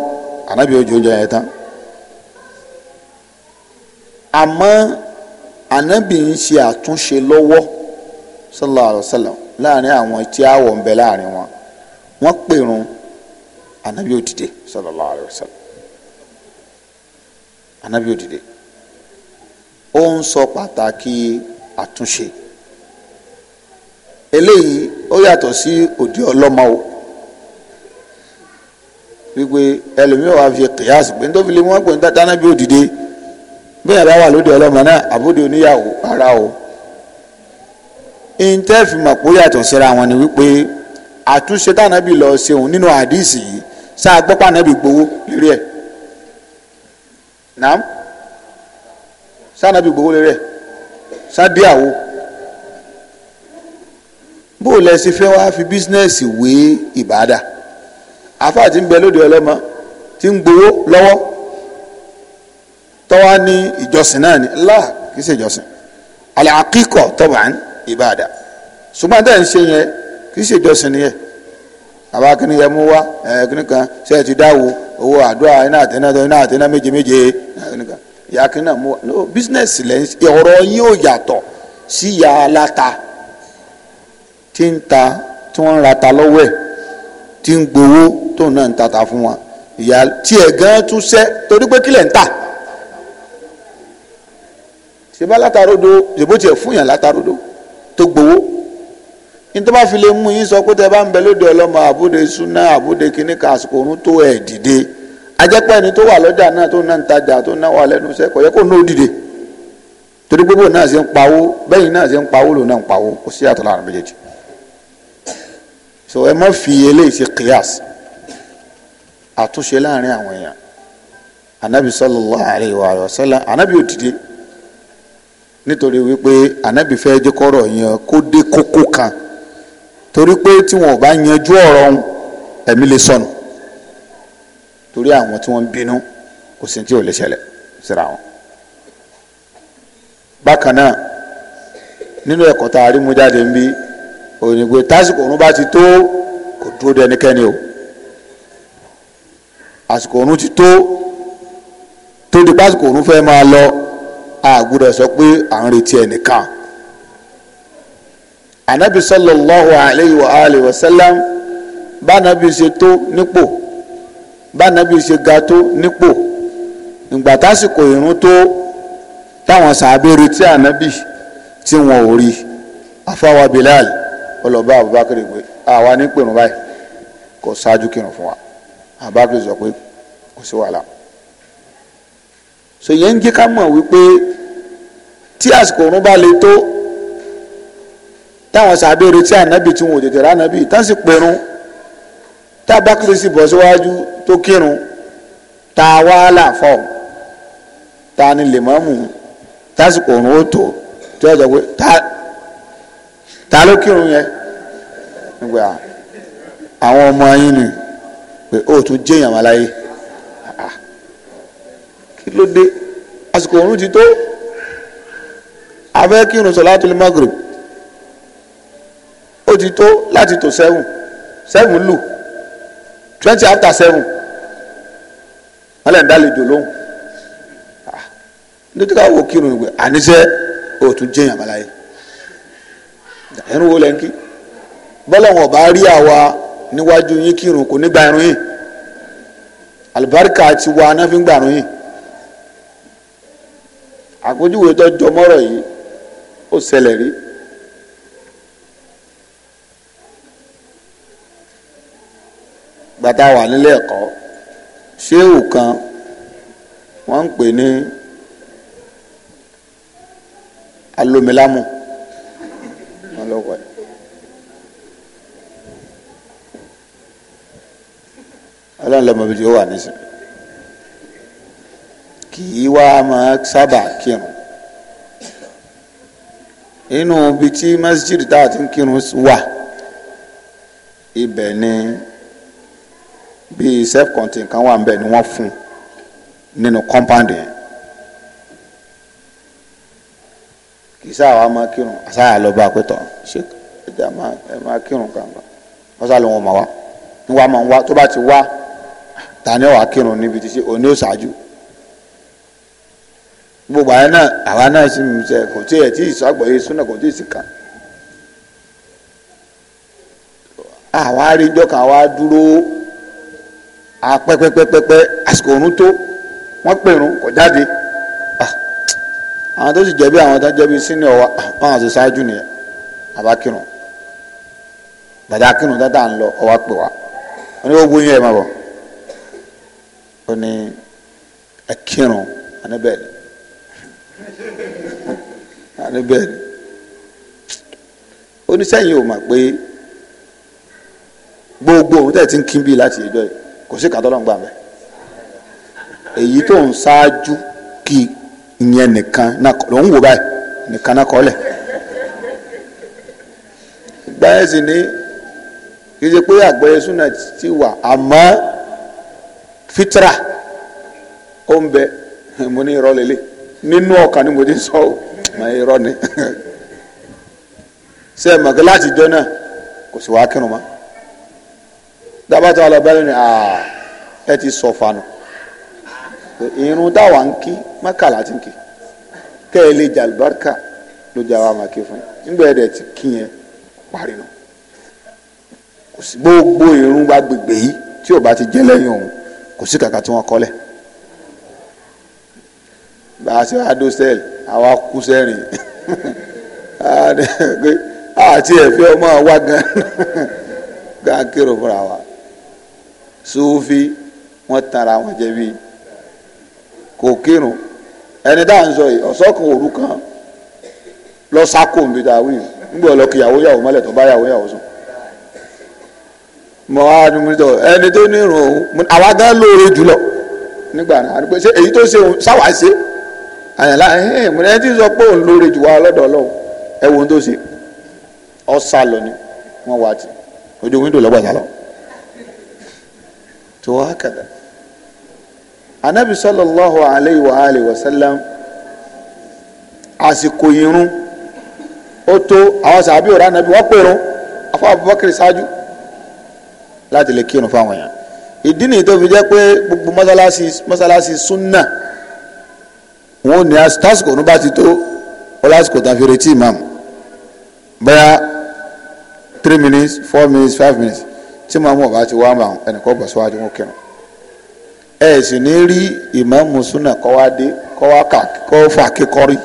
ànábì ó jẹ oúnjẹ yẹn tán àmọ́ ànábì ń ṣe àtúnṣe lọ́wọ́ sallallahu alayhi wa sallam láàrin àwọn tí a wọ̀ ń bẹ láàrin wọn wọ́n pèrún anabi òdìdè sallallahu alayhi wa sallam anabi òdìdè ó ń sọ pàtàkì àtúnṣe eléyìí ó yàtọ̀ sí òdi ọlọ́mọ o wípé ẹlòmíràn wà fi kìyàsì pé nítorí lè wọ́n pè ní dáná bí òdìdè bẹ́ẹ̀ bá wà lóde ọlọ́mọ náà àbóde oníyàwó ara o intẹ́fì mọ̀ pé yàtọ̀ síra wọn ni wípé àtúnṣe tànàbì lọ ṣeun nínú àdìsí yìí sáà gbọ́pọ̀ ànàbì gbowó lérí ẹ̀ nàám sànàbì gbowó lérí ẹ̀ sádìyàwó bó o lẹ sí fẹ́ wá fi bísínẹ́sì wé ìbàdà àfáà tí ń bẹ lóde ọlọ́mọ tí ń gbowó lọ́wọ́ tọ́wá ní ìjọsìn náà ni láà kìí ṣe ìjọsìn àlẹ́ tọ́ba ni ìbáàdà ṣùgbọ́n tẹ̀ ń ṣe yẹn kì í ṣe ìjọsìn nìyẹn àbá kíni yẹn mú wá ẹ kíni kan ṣe ti dáwọ owó àdúrà iná àtẹná iná àtẹná méje méje kíni kan ìyá kíni náà mú wá no business lẹ́yìn ọ̀rọ̀ yín ò yàtọ̀ sí ìyá aláta tí ń ta tí wọ́n ń ra ta lọ́wọ́ ẹ̀ tí ń gbowó tó náà ń tata fún wa ìyá tiẹ̀ gan tún sẹ́ torí pé kílẹ̀ ń tà ṣe látàrodo ṣèbó tiẹ̀ fún yàn látàrodo tó gbowó nítorí bá fi lè mú yín sọ pé tẹ bá ń bẹ lóde ọlọ́mọ àbúdé súná àbúdé kínní kan àsìkò òun tó ẹ̀ dìde ajẹ́pẹ́ ẹni tó wà lọ́jà náà tó náà ń tajà tó náà wà lẹ́nu iṣẹ́ yẹ kó náà dìde torí gbogbo náà ṣe ń pawó bẹ́yìn náà ṣe ń pawó lòun náà ń pawó kò sí àtọ̀ láàrin méjèèjì so ẹ má fi eléyìí ṣe kíyàs àtúnṣe láàrin àwọn èèyàn anabi sallallahu alayhi wa sallam anabi ò dìde nítorí wípé ànábì fẹ́ jẹ́ kọ́rọ̀ yẹn kó dé kókó kan torí pé tí wọn ò bá yanjú ọ̀rọ̀ ọ̀hún ẹ̀mí lè sọnù torí àwọn tí wọ́n ń bínú kò sí tí ò lè ṣẹlẹ̀ síra wọn. bákan náà nínú ẹ̀kọ́ tá a rí mú jáde ń bí òyìnbó tásìkò òun bá ti tó kò dúró de ẹnikẹ́ni o àsìkò òun ti tó tó di pásìkò òun fẹ́ máa lọ a gbọ́dọ̀ sọ pé à ń retí ẹnìkan anabi sallallahu alayhi wa alayhi wa sallam bánabi ṣe tó nípò bánabi ṣe ga tó nípò ìgbà tásìkò ìrun tó táwọn sàábé retí ànábì tí wọn ò rí afáwa bilal ọlọba abubakar pé àwa ní pèrún báyìí kò ṣáájú kírun fún wa abubakar sọ pé kò sí wàhálà so yẹn ń jẹ́ ká mọ̀ wípé tí àsìkò òun bá le tó táwọn sàbẹ̀ retí ànábì tí wọn ò tètè ránábì tán sì pẹ̀rún tá bákìrì sì bọ̀ síwájú tó kírun tá a wá làfọ̀ tá a ní lèmọ́mù tásìkò òun ó tó tí wọ́n jọ pé ta ló kírun yẹn nígbà àwọn ọmọ yín ni pé ó tún jẹ́yàn wá láyé kí ló dé àsìkò òórùn ti tó afẹ́ kírun sọ̀látùl Maghrib ó ti tó láti tò seven seven lù twenty after seven wọ́n lẹ̀ ń dálejò lóhùn ah, nítorí káwọ́ kírun ìwé àníṣe òtún jẹ́yàn balaye ẹnu wo lẹ́ńkì bọ́lá wọn bá rí àwa níwájú yín kírun kò ní gba irun yìí àlùbáríkà ti wá anáfíngbàrún yìí àpèjúwe tó jọmọ́rọ̀ yìí ó ṣẹlẹ̀ rí. gbàtà wà nílé ẹ̀kọ́ ṣéwù kan wọ́n ń pè ní alomilamu wọ́n lọ wọ̀ ọlọ́run lọ́mọ tí ó wà nísìnyí kì í wá máa sábà kírun nínú ibi tí masjid tá a ti ń kírun wà ibẹ̀ ni bíi self contained kan wà níbẹ̀ ni wọ́n fún nínú compound yẹn kì í sáà wá máa kírun àsáyà lọ bá a pé tọ̀ ṣé ẹja máa kírun kàǹkà wọ́n sá ló wọn mọ̀ wá wọ́n máa wá tó bá ti wá ta ni ó wá kírun níbi tí ṣe òní ó ṣáájú gbogbo àyà náà àwa náà sì ń sẹ kò tí ẹ tí ìsọ àgbọ̀yé súnà kò tí ì sì kàn. àwa rí ijọ́ kan àwa dúró apẹ́pẹ́pẹ́pẹ́ àsìkò òrùn tó wọ́n pèrún kò jáde ah, àwọn tó sì jẹ̀bi àwọn tó jẹ̀bi sínú ọ̀wà àwọn ah, àti ṣáájú nìyẹn àbá kírun kírun tata ń lọ ọwà pè wá wọn ni ó gbóyún ẹ̀ bọ̀ ó ní ẹ̀ kírun àníbẹ̀ẹ́lẹ̀. àní bẹ́ẹ̀ ni oníṣẹ́yìn gbogbo òun tẹ̀ ti ń kí bí láti ẹjọ́ yìí kò sí kàtọ́ lọ́ngbà mẹ́ èyí tó ń ṣáájú kí ìyẹn nìkan ló ń wò báyìí nìkan ti wà àmọ́ fitra ó ń bẹ nínú ọkàn ni mo ti sọ ọ mà irọ́ ni ṣe é mọ̀kẹ́ láti jọ náà kò sì wáá kírun mọ́ dábàtà ọlọ́bẹ̀rẹ̀ ni ẹ ti sọ fanu irun táwa ń kí mọ́kàlá ti ń kí kẹ́ ẹ lè jàlùbáríkà ló jà wá máa kí fún yín nígbà yẹn dẹ̀ ti kí yẹn parí nu kò sí gbogbo irun gbàgbègbè yìí tí ò bá ti jẹ́ lẹ́yìn òun kò sí kàkà tí wọ́n kọ́ gba ṣe adosel àwa kú sẹ́rìn àti ah, ẹ̀fẹ́ ọmọ wa gan gan kérò fúnra wa sufi wọn tara wọn jẹbi kò kírun ẹni tá à ń sọ yìí ọ̀sọ́kan òru kan lọ sáko nbí ta wí ngbọ́ lọ kí yàwó yàwó mọ́lẹ̀ tó bá yàwó yàwó sùn mọ́ àdúgbò ẹni tó ní irun òun àwa gan lóore jùlọ nígbà náà àdúgbò ṣe èyí tó ṣe òun sáwàá ṣe. àyànlá ẹ̀hìn eh, eh, ẹ ti sọ pé òun lóore jù wá lọ́dọ̀ ọlọ́run ẹ wo ohun tó ṣe ọ sá lọ ni wọ́n wá ti ojú wíńdò lọ́gbà sá lọ. tó wá kàdà anabi sallallahu alayhi wa alayhi wa sallam àsìkò irun ó tó àwọn sàbí ọ̀rọ̀ anabi wọ́n wọn ò ní tásìkò ní bá ti tó ó lásìkò tá a fi retí imam bẹ́ẹ̀ three minutes four minutes five minutes tí màmú ọba ti wá mà ẹnìkan bọ̀ síwájú wọn kírun ẹ sì ní rí ìmáàmù súnà kọ́ wá dé kọ́ wá kà kọ́ fà kékọ́rí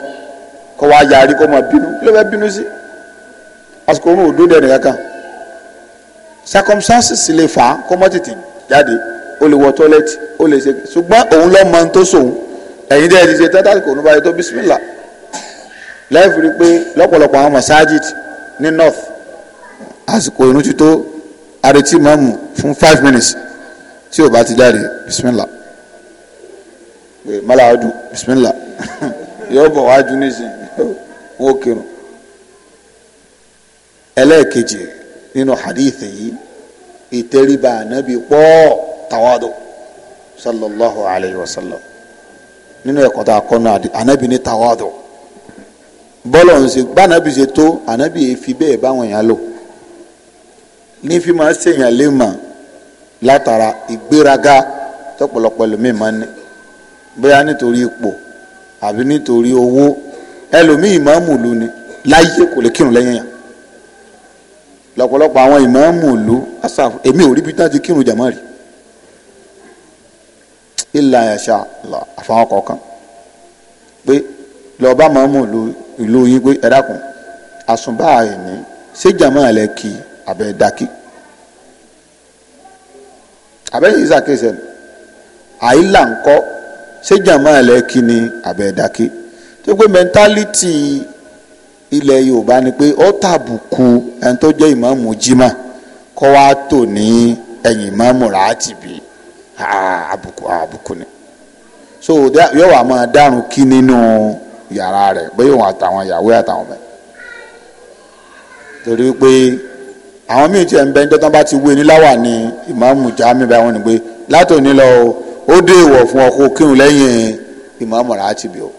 kọ́ wá yarí kọ́ máa bínú kí ló fẹ́ bínú sí àsìkò òun ò dúró dẹ́nu kankan circumstances lè fà á kọ́ mọ́ tètè jáde ó lè wọ tọ́lẹ́tì ó lè ṣe ṣùgbọ́n òun lọ́ọ́ mọ ohun tó sòun. So ẹ̀yin dẹ́ẹ̀ ti ṣe tẹ́tàlì kò ní báyìí tó bísímìlà lẹ́ẹ̀fì rí pé lọ́pọ̀lọpọ̀ àwọn masajid ní north àsìkò ìrun ti tó àrètí mọ́mù fún five minutes tí ò bá ti jáde bisimilá pé mọ́láwájú bisimilá yóò bọ̀ wájú nísìn wọn ò kírun ẹlẹ́ẹ̀kejì nínú hadith yìí ìtẹríba ànábì pọ̀ tawadu sallallahu alayhi wa sallam nínú ẹ̀kọ́ tá a kọ́ náà ànábì ní tawadu bọ́lọ̀ ń ṣe bánábì ṣe tó ànábì yẹn fi bẹ́ẹ̀ báwọn èèyàn lò ní fi máa ṣèyàn lè mà látara ìgbéraga tọ̀pọ̀lọpọ̀ ẹlòmíì máa ní bóyá nítorí ipò àbí nítorí owó ẹlòmíì ìmáàmù ìlú ni láyé kò lè kírun lẹ́yìn yàn lọ́pọ̀lọpọ̀ àwọn ìmáàmù ìlú èmi ò rí bí tá kírun jàmọ́ rí ilà àṣà àfọwọ́ kọ̀ọ̀kan pé lọ́ọ́ bá màmú ìlú yín pé ẹ dákun àsùnbà ẹ̀mí séjàmọ́ ẹ̀ lẹ́kì abẹ́ dákì abẹ́yẹ ìsàkèsẹ̀ àìlà ńkọ́ séjàmọ́ ẹ̀ lẹ́kì ni abẹ́ dákì tó pé mẹ́ńtálítì ilẹ̀ yorùbá ni pé ó tàbùkù ẹni tó jẹ́ ìmáàmù jimá kọ́ wa tò ní ẹ̀yìn ìmáàmù ràátìbí àbùkù àbùkù ni so yóò wà máa dárun kí nínú yàrá rẹ̀ bóyá òun àtàwọn ìyàwó àtàwọn ọmọ ẹ̀ torí pé àwọn míì tiẹ̀ ń bẹ́ ń dọ́tán bá ti wé ní láwà ní ìmáàmù jáàmì báyìí wọ́n ní pé látòní lọ ó dé ìwọ̀ fún ọkọ̀ kírun lẹ́yìn ìmáàmù rà á ti bì ó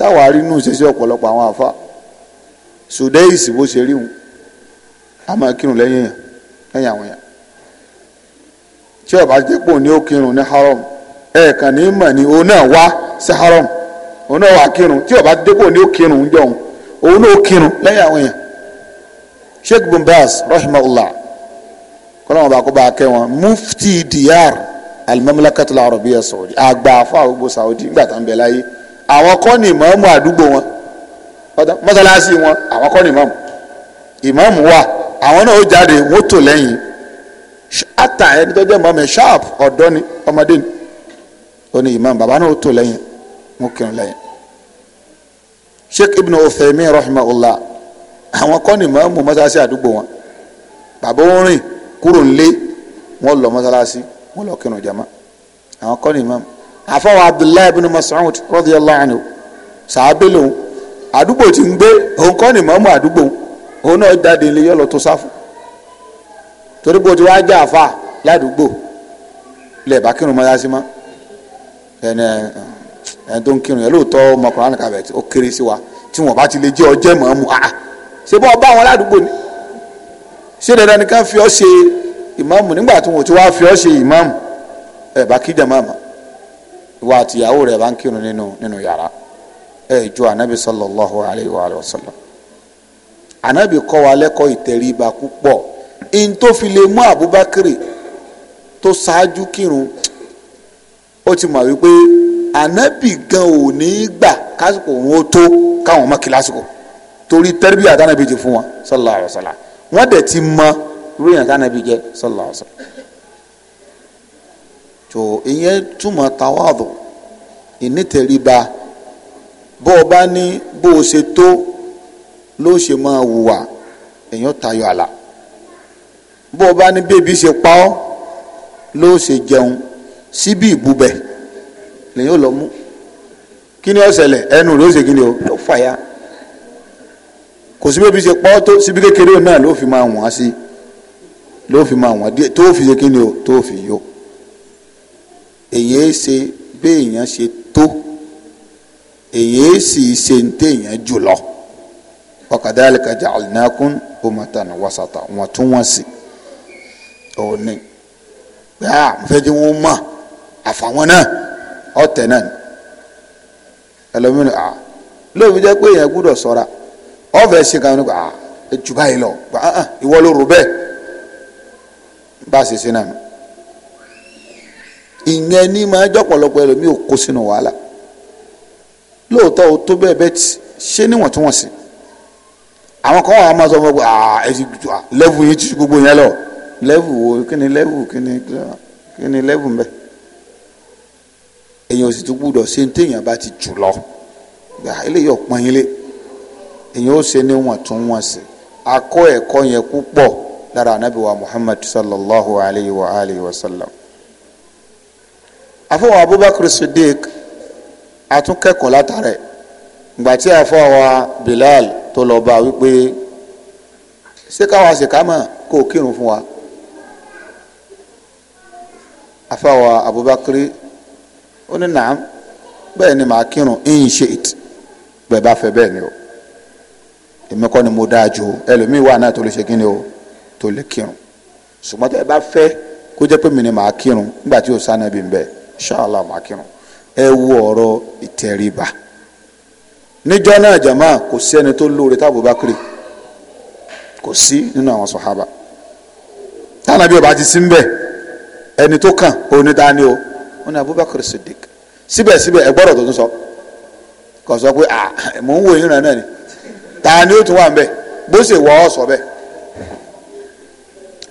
táwa rí nù ọ̀pọ̀lọpọ̀ àwọn àfa sùdẹ́ìsì bó ṣe rí wọn a máa kírun lẹ́yìn lẹ́yìn àwọn yàn tí ó bá jẹ́ pò ní ó kírun ní haram ẹ̀ẹ̀kan ní mọ̀ ni òun náà wá sí haram òun náà wá kírun tí ó bá jẹ́ pò ní ó kírun jọ òun òun náà ó kírun lẹ́yìn àwọn èèyàn sheikh bin baz rahimahullah kọ́lá wọn bá kó bá a kẹ́ wọn mufti diyar alimamilakatul arabiya saudi àgbà àfa àgbò saudi nígbà tá à láyé àwọn kọ́ ni ìmáàmù àdúgbò wọn mọ́sálásí wọn àwọn kọ́ ni ìmáàmù ìmáàmù wa àwọn náà ó jáde wọ́n lẹ́yìn ata ẹni tó jẹ́ mọ́mọ́ sharp ọ̀dọ́ ni ọmọdé ni ó ní imam baba náà ó tó lẹ́yìn mo kírun lẹ́yìn sheikh ibn Uthaymin rahimahullah àwọn kọ́ni mọ́mú mọ́sáàsì àdúgbò wọn bàbá wọn rìn kúrò nílé wọn lọ mọ́sáàsì wọn lọ kírun jama àwọn kọ́ni imam àfọwọ́ abdullahi ibn Mas'ud radiyallahu anhu sàábẹ́lẹ̀ òun àdúgbò tí ń gbé òun kọ́ni mọ́mú àdúgbò òun náà jáde nílé yọ lọ tó sáfù torí pé o ti wá jẹ́ àfa ládùúgbò lẹ̀ bá kírun mọ́lá sí mọ́ ẹni ẹni tó ń kírun yẹn lóòótọ́ ọmọkùnrin àlùkàbẹ̀ ó kéré sí wa tí wọ́n bá ti lè jẹ́ ọjẹ́ mọ́ mu àá ah, ah. ṣé bọ́ ọba àwọn ládùúgbò ni ṣé dandan nìkan fi ọ́ ṣe ìmáàmù nígbà tí wọ́n ti wá fi ọ́ ṣe ìmáàmù ẹ̀ bá kí jàmáà mọ́ ìwà àtìyàwó rẹ̀ bá ń kírun nínú nínú yàrá ẹ̀ ju anabi sallallahu alayhi wa sallam anabi kọ́ wa lẹ́kọ̀ọ́ in tó fi lè mú Abubakar tó ṣáájú kírun ó ti mọ̀ wípé ànábì gan ò ní gbà kásìkò òun ó tó káwọn ọmọ kìlásìkò torí tẹ́rẹ́bì àtànàbì ti fún wọn sallallahu alaihi wasallam wọ́n dẹ̀ ti mọ ròyìn àtànàbì jẹ́ sallallahu alaihi tó ìyẹn túmọ̀ tawadu ìnítẹríba bó o bá ní bó o ṣe tó ló ṣe máa hùwà èèyàn tayọ àlà bó o bá ní bébí ṣe pa ọ́ ló ṣe jẹun síbi ìbúbẹ̀ lèyìn ò lọ mú kí ni ó ṣẹlẹ̀ ẹnu rẹ̀ ó ṣe kí ni o ló fàya kò sí bébí ṣe pa ọ́ tó síbi kékeré náà ló fi máa wọ̀n á sí ló fi máa wọ̀n díẹ̀ tó fi ṣe kí o tó fi yó èyí ṣe béèyàn ṣe tó èyí sì ṣe ń téèyàn jù lọ wa kadhalika ja'alnakum umatan wasata wọ́n tún wọ́n sì òun ni pé a ah, mo fẹ́ jẹ́ wọn mọ̀ àfàwọn náà ọ̀tẹ̀ náà ni ẹlòmínú a ah. lóòmí jẹ́ pé èèyàn gbúdọ̀ sọ́ra ọ̀fẹ́ ṣe kan nípa ah, a jù báyìí lọ ìwọ ló rò bẹ́ẹ̀ bá a ṣe ṣe náà ìyẹn ní máa jọ́pọ̀lọpọ̀ ẹlòmíì ò kó sínú wàhálà lóòótọ́ o tó bẹ́ẹ̀ bẹ́ẹ̀ ṣé níwọ̀ntúnwọ̀nsì àwọn kan wà á máa sọ fún ọ pé ẹ ti lẹ́fù yín ti gbogbo yẹn lọ lẹ́wù wo kí ni lẹ́wù kí ni kí ni lẹ́wù ń bẹ èyàn ò sì tún gbúdọ̀ ṣe ní téèyàn bá ti jù lọ gbà eléyìí ọ̀pọ̀n yín lé èyàn ó ṣe ní wọ̀ntúnwọ̀nsì akọ ẹ̀kọ́ yẹn púpọ̀ lára anabi wa Muhammadu sallallahu alayhi wa alayhi wa sallam afọwọ́ abubakar siddiq atúnkẹ́kọ̀ọ́ látàrẹ̀ gbàtí afọwọ́ bilal tó lọ bá wípé ṣé káwa ṣèkámọ̀ kó kírun fún wa afáwa abubakari ó ní naam bẹ́ẹ̀ ni màá kírun in shit bẹ́ẹ̀ bá fẹ́ bẹ́ẹ̀ ni o èmi kọ́ ni mo dáa ju ẹlòmíì wà náà tó lè ṣe kí ni o tó lè kírun ṣùgbọ́n tó ẹ bá fẹ́ kó jẹ́ pé mi ni màá kírun nígbà tí o sá náà bí n bẹ́ẹ̀ ṣáàlà màá kírun ẹ wo ọ̀rọ̀ ìtẹríba níjọ́ náà jàmá kò sí ẹni tó lóore tá abubakari kò sí nínú àwọn sọ̀hábà tánàbí ọba ti sí ń bẹ́ẹ̀ ẹni tó kàn òní ta o wọn ni Abubakar Siddiq síbẹ̀síbẹ̀ ẹ gbọ́dọ̀ tó tún sọ kò sọ pé ah mò ń wo yín náà ni ta ni ó tún wà ń bó ṣe wọ ọ sọ bẹ́ẹ̀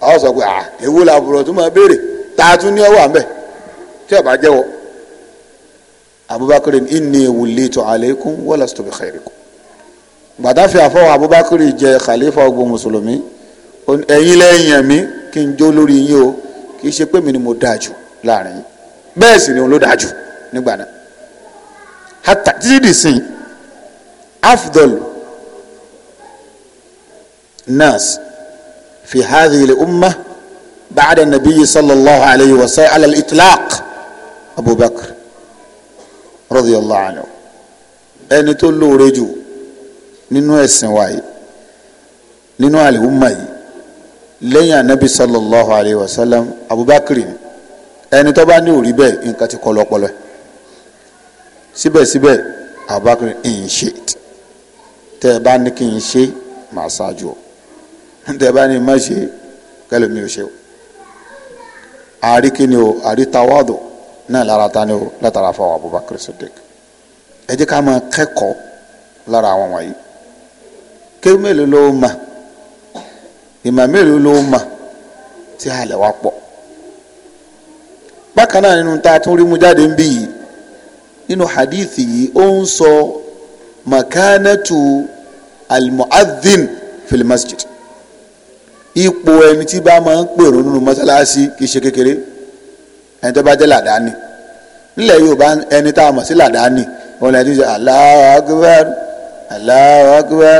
ọ sọ pé ah ewu làbúrò tó máa béèrè ta tún ní ọ wà ń bẹ tí ọba jẹ́wọ́ abubakar inni wulitu aleikum wala stobi xeeriku gbadafi afọ abubakar jẹ khalifa ogun mùsùlùmí ẹ̀yin lẹyìn mi kí n jó lórí yín o kì í ṣe pé mi ni mo dáa jù láàrin yín bẹ́ẹ̀ sì ni òun ló dáa jù nígbà náà hata títí di sìn afdol nas fi hadhihi al umma ba'da nabiyyi sallallahu alayhi wa sallam ala itlaq abubakar radiyallahu anhu ẹni tó lóore jù nínú ẹ̀sìn wa yìí nínú àlè yìí lẹ́yìn anabi sallallahu alayhi wa sallam abubakar ni ẹni tó bá ní òrí bẹ́ẹ̀ nǹkan ti kọ́ lọ́pọ̀lọ́ síbẹ̀síbẹ̀ abubakar ń ṣe tẹ́ ẹ bá ní kí n ṣe màá ṣáájú ọ tẹ́ ẹ bá ní má ṣe kẹlẹ́mi ò ṣe o àrí kí ni o àrí tawadu náà lára ta ni o látara fáwọn abubakar sadiq ẹ jẹ́ ká máa kẹ́kọ̀ọ́ lára àwọn wọ̀nyí kéwìn mélòó ló máa ìmọ̀ mélòó ló mà tí a lè wá pọ̀ bákan náà nínú tá a tún rí mu jáde ń bí yìí nínú hadithi yìí ó ń sọ makanatu almu'adhin fil masjid ipò ẹni tí bá máa ń pèrò nínú mọ́sálásí kì í ṣe kékeré ẹni tó bá jẹ́ làdáni nílẹ̀ yorùbá ẹni tá a mọ̀ sí làdáni wọn lè ti sọ Allahu akbar Allahu akbar.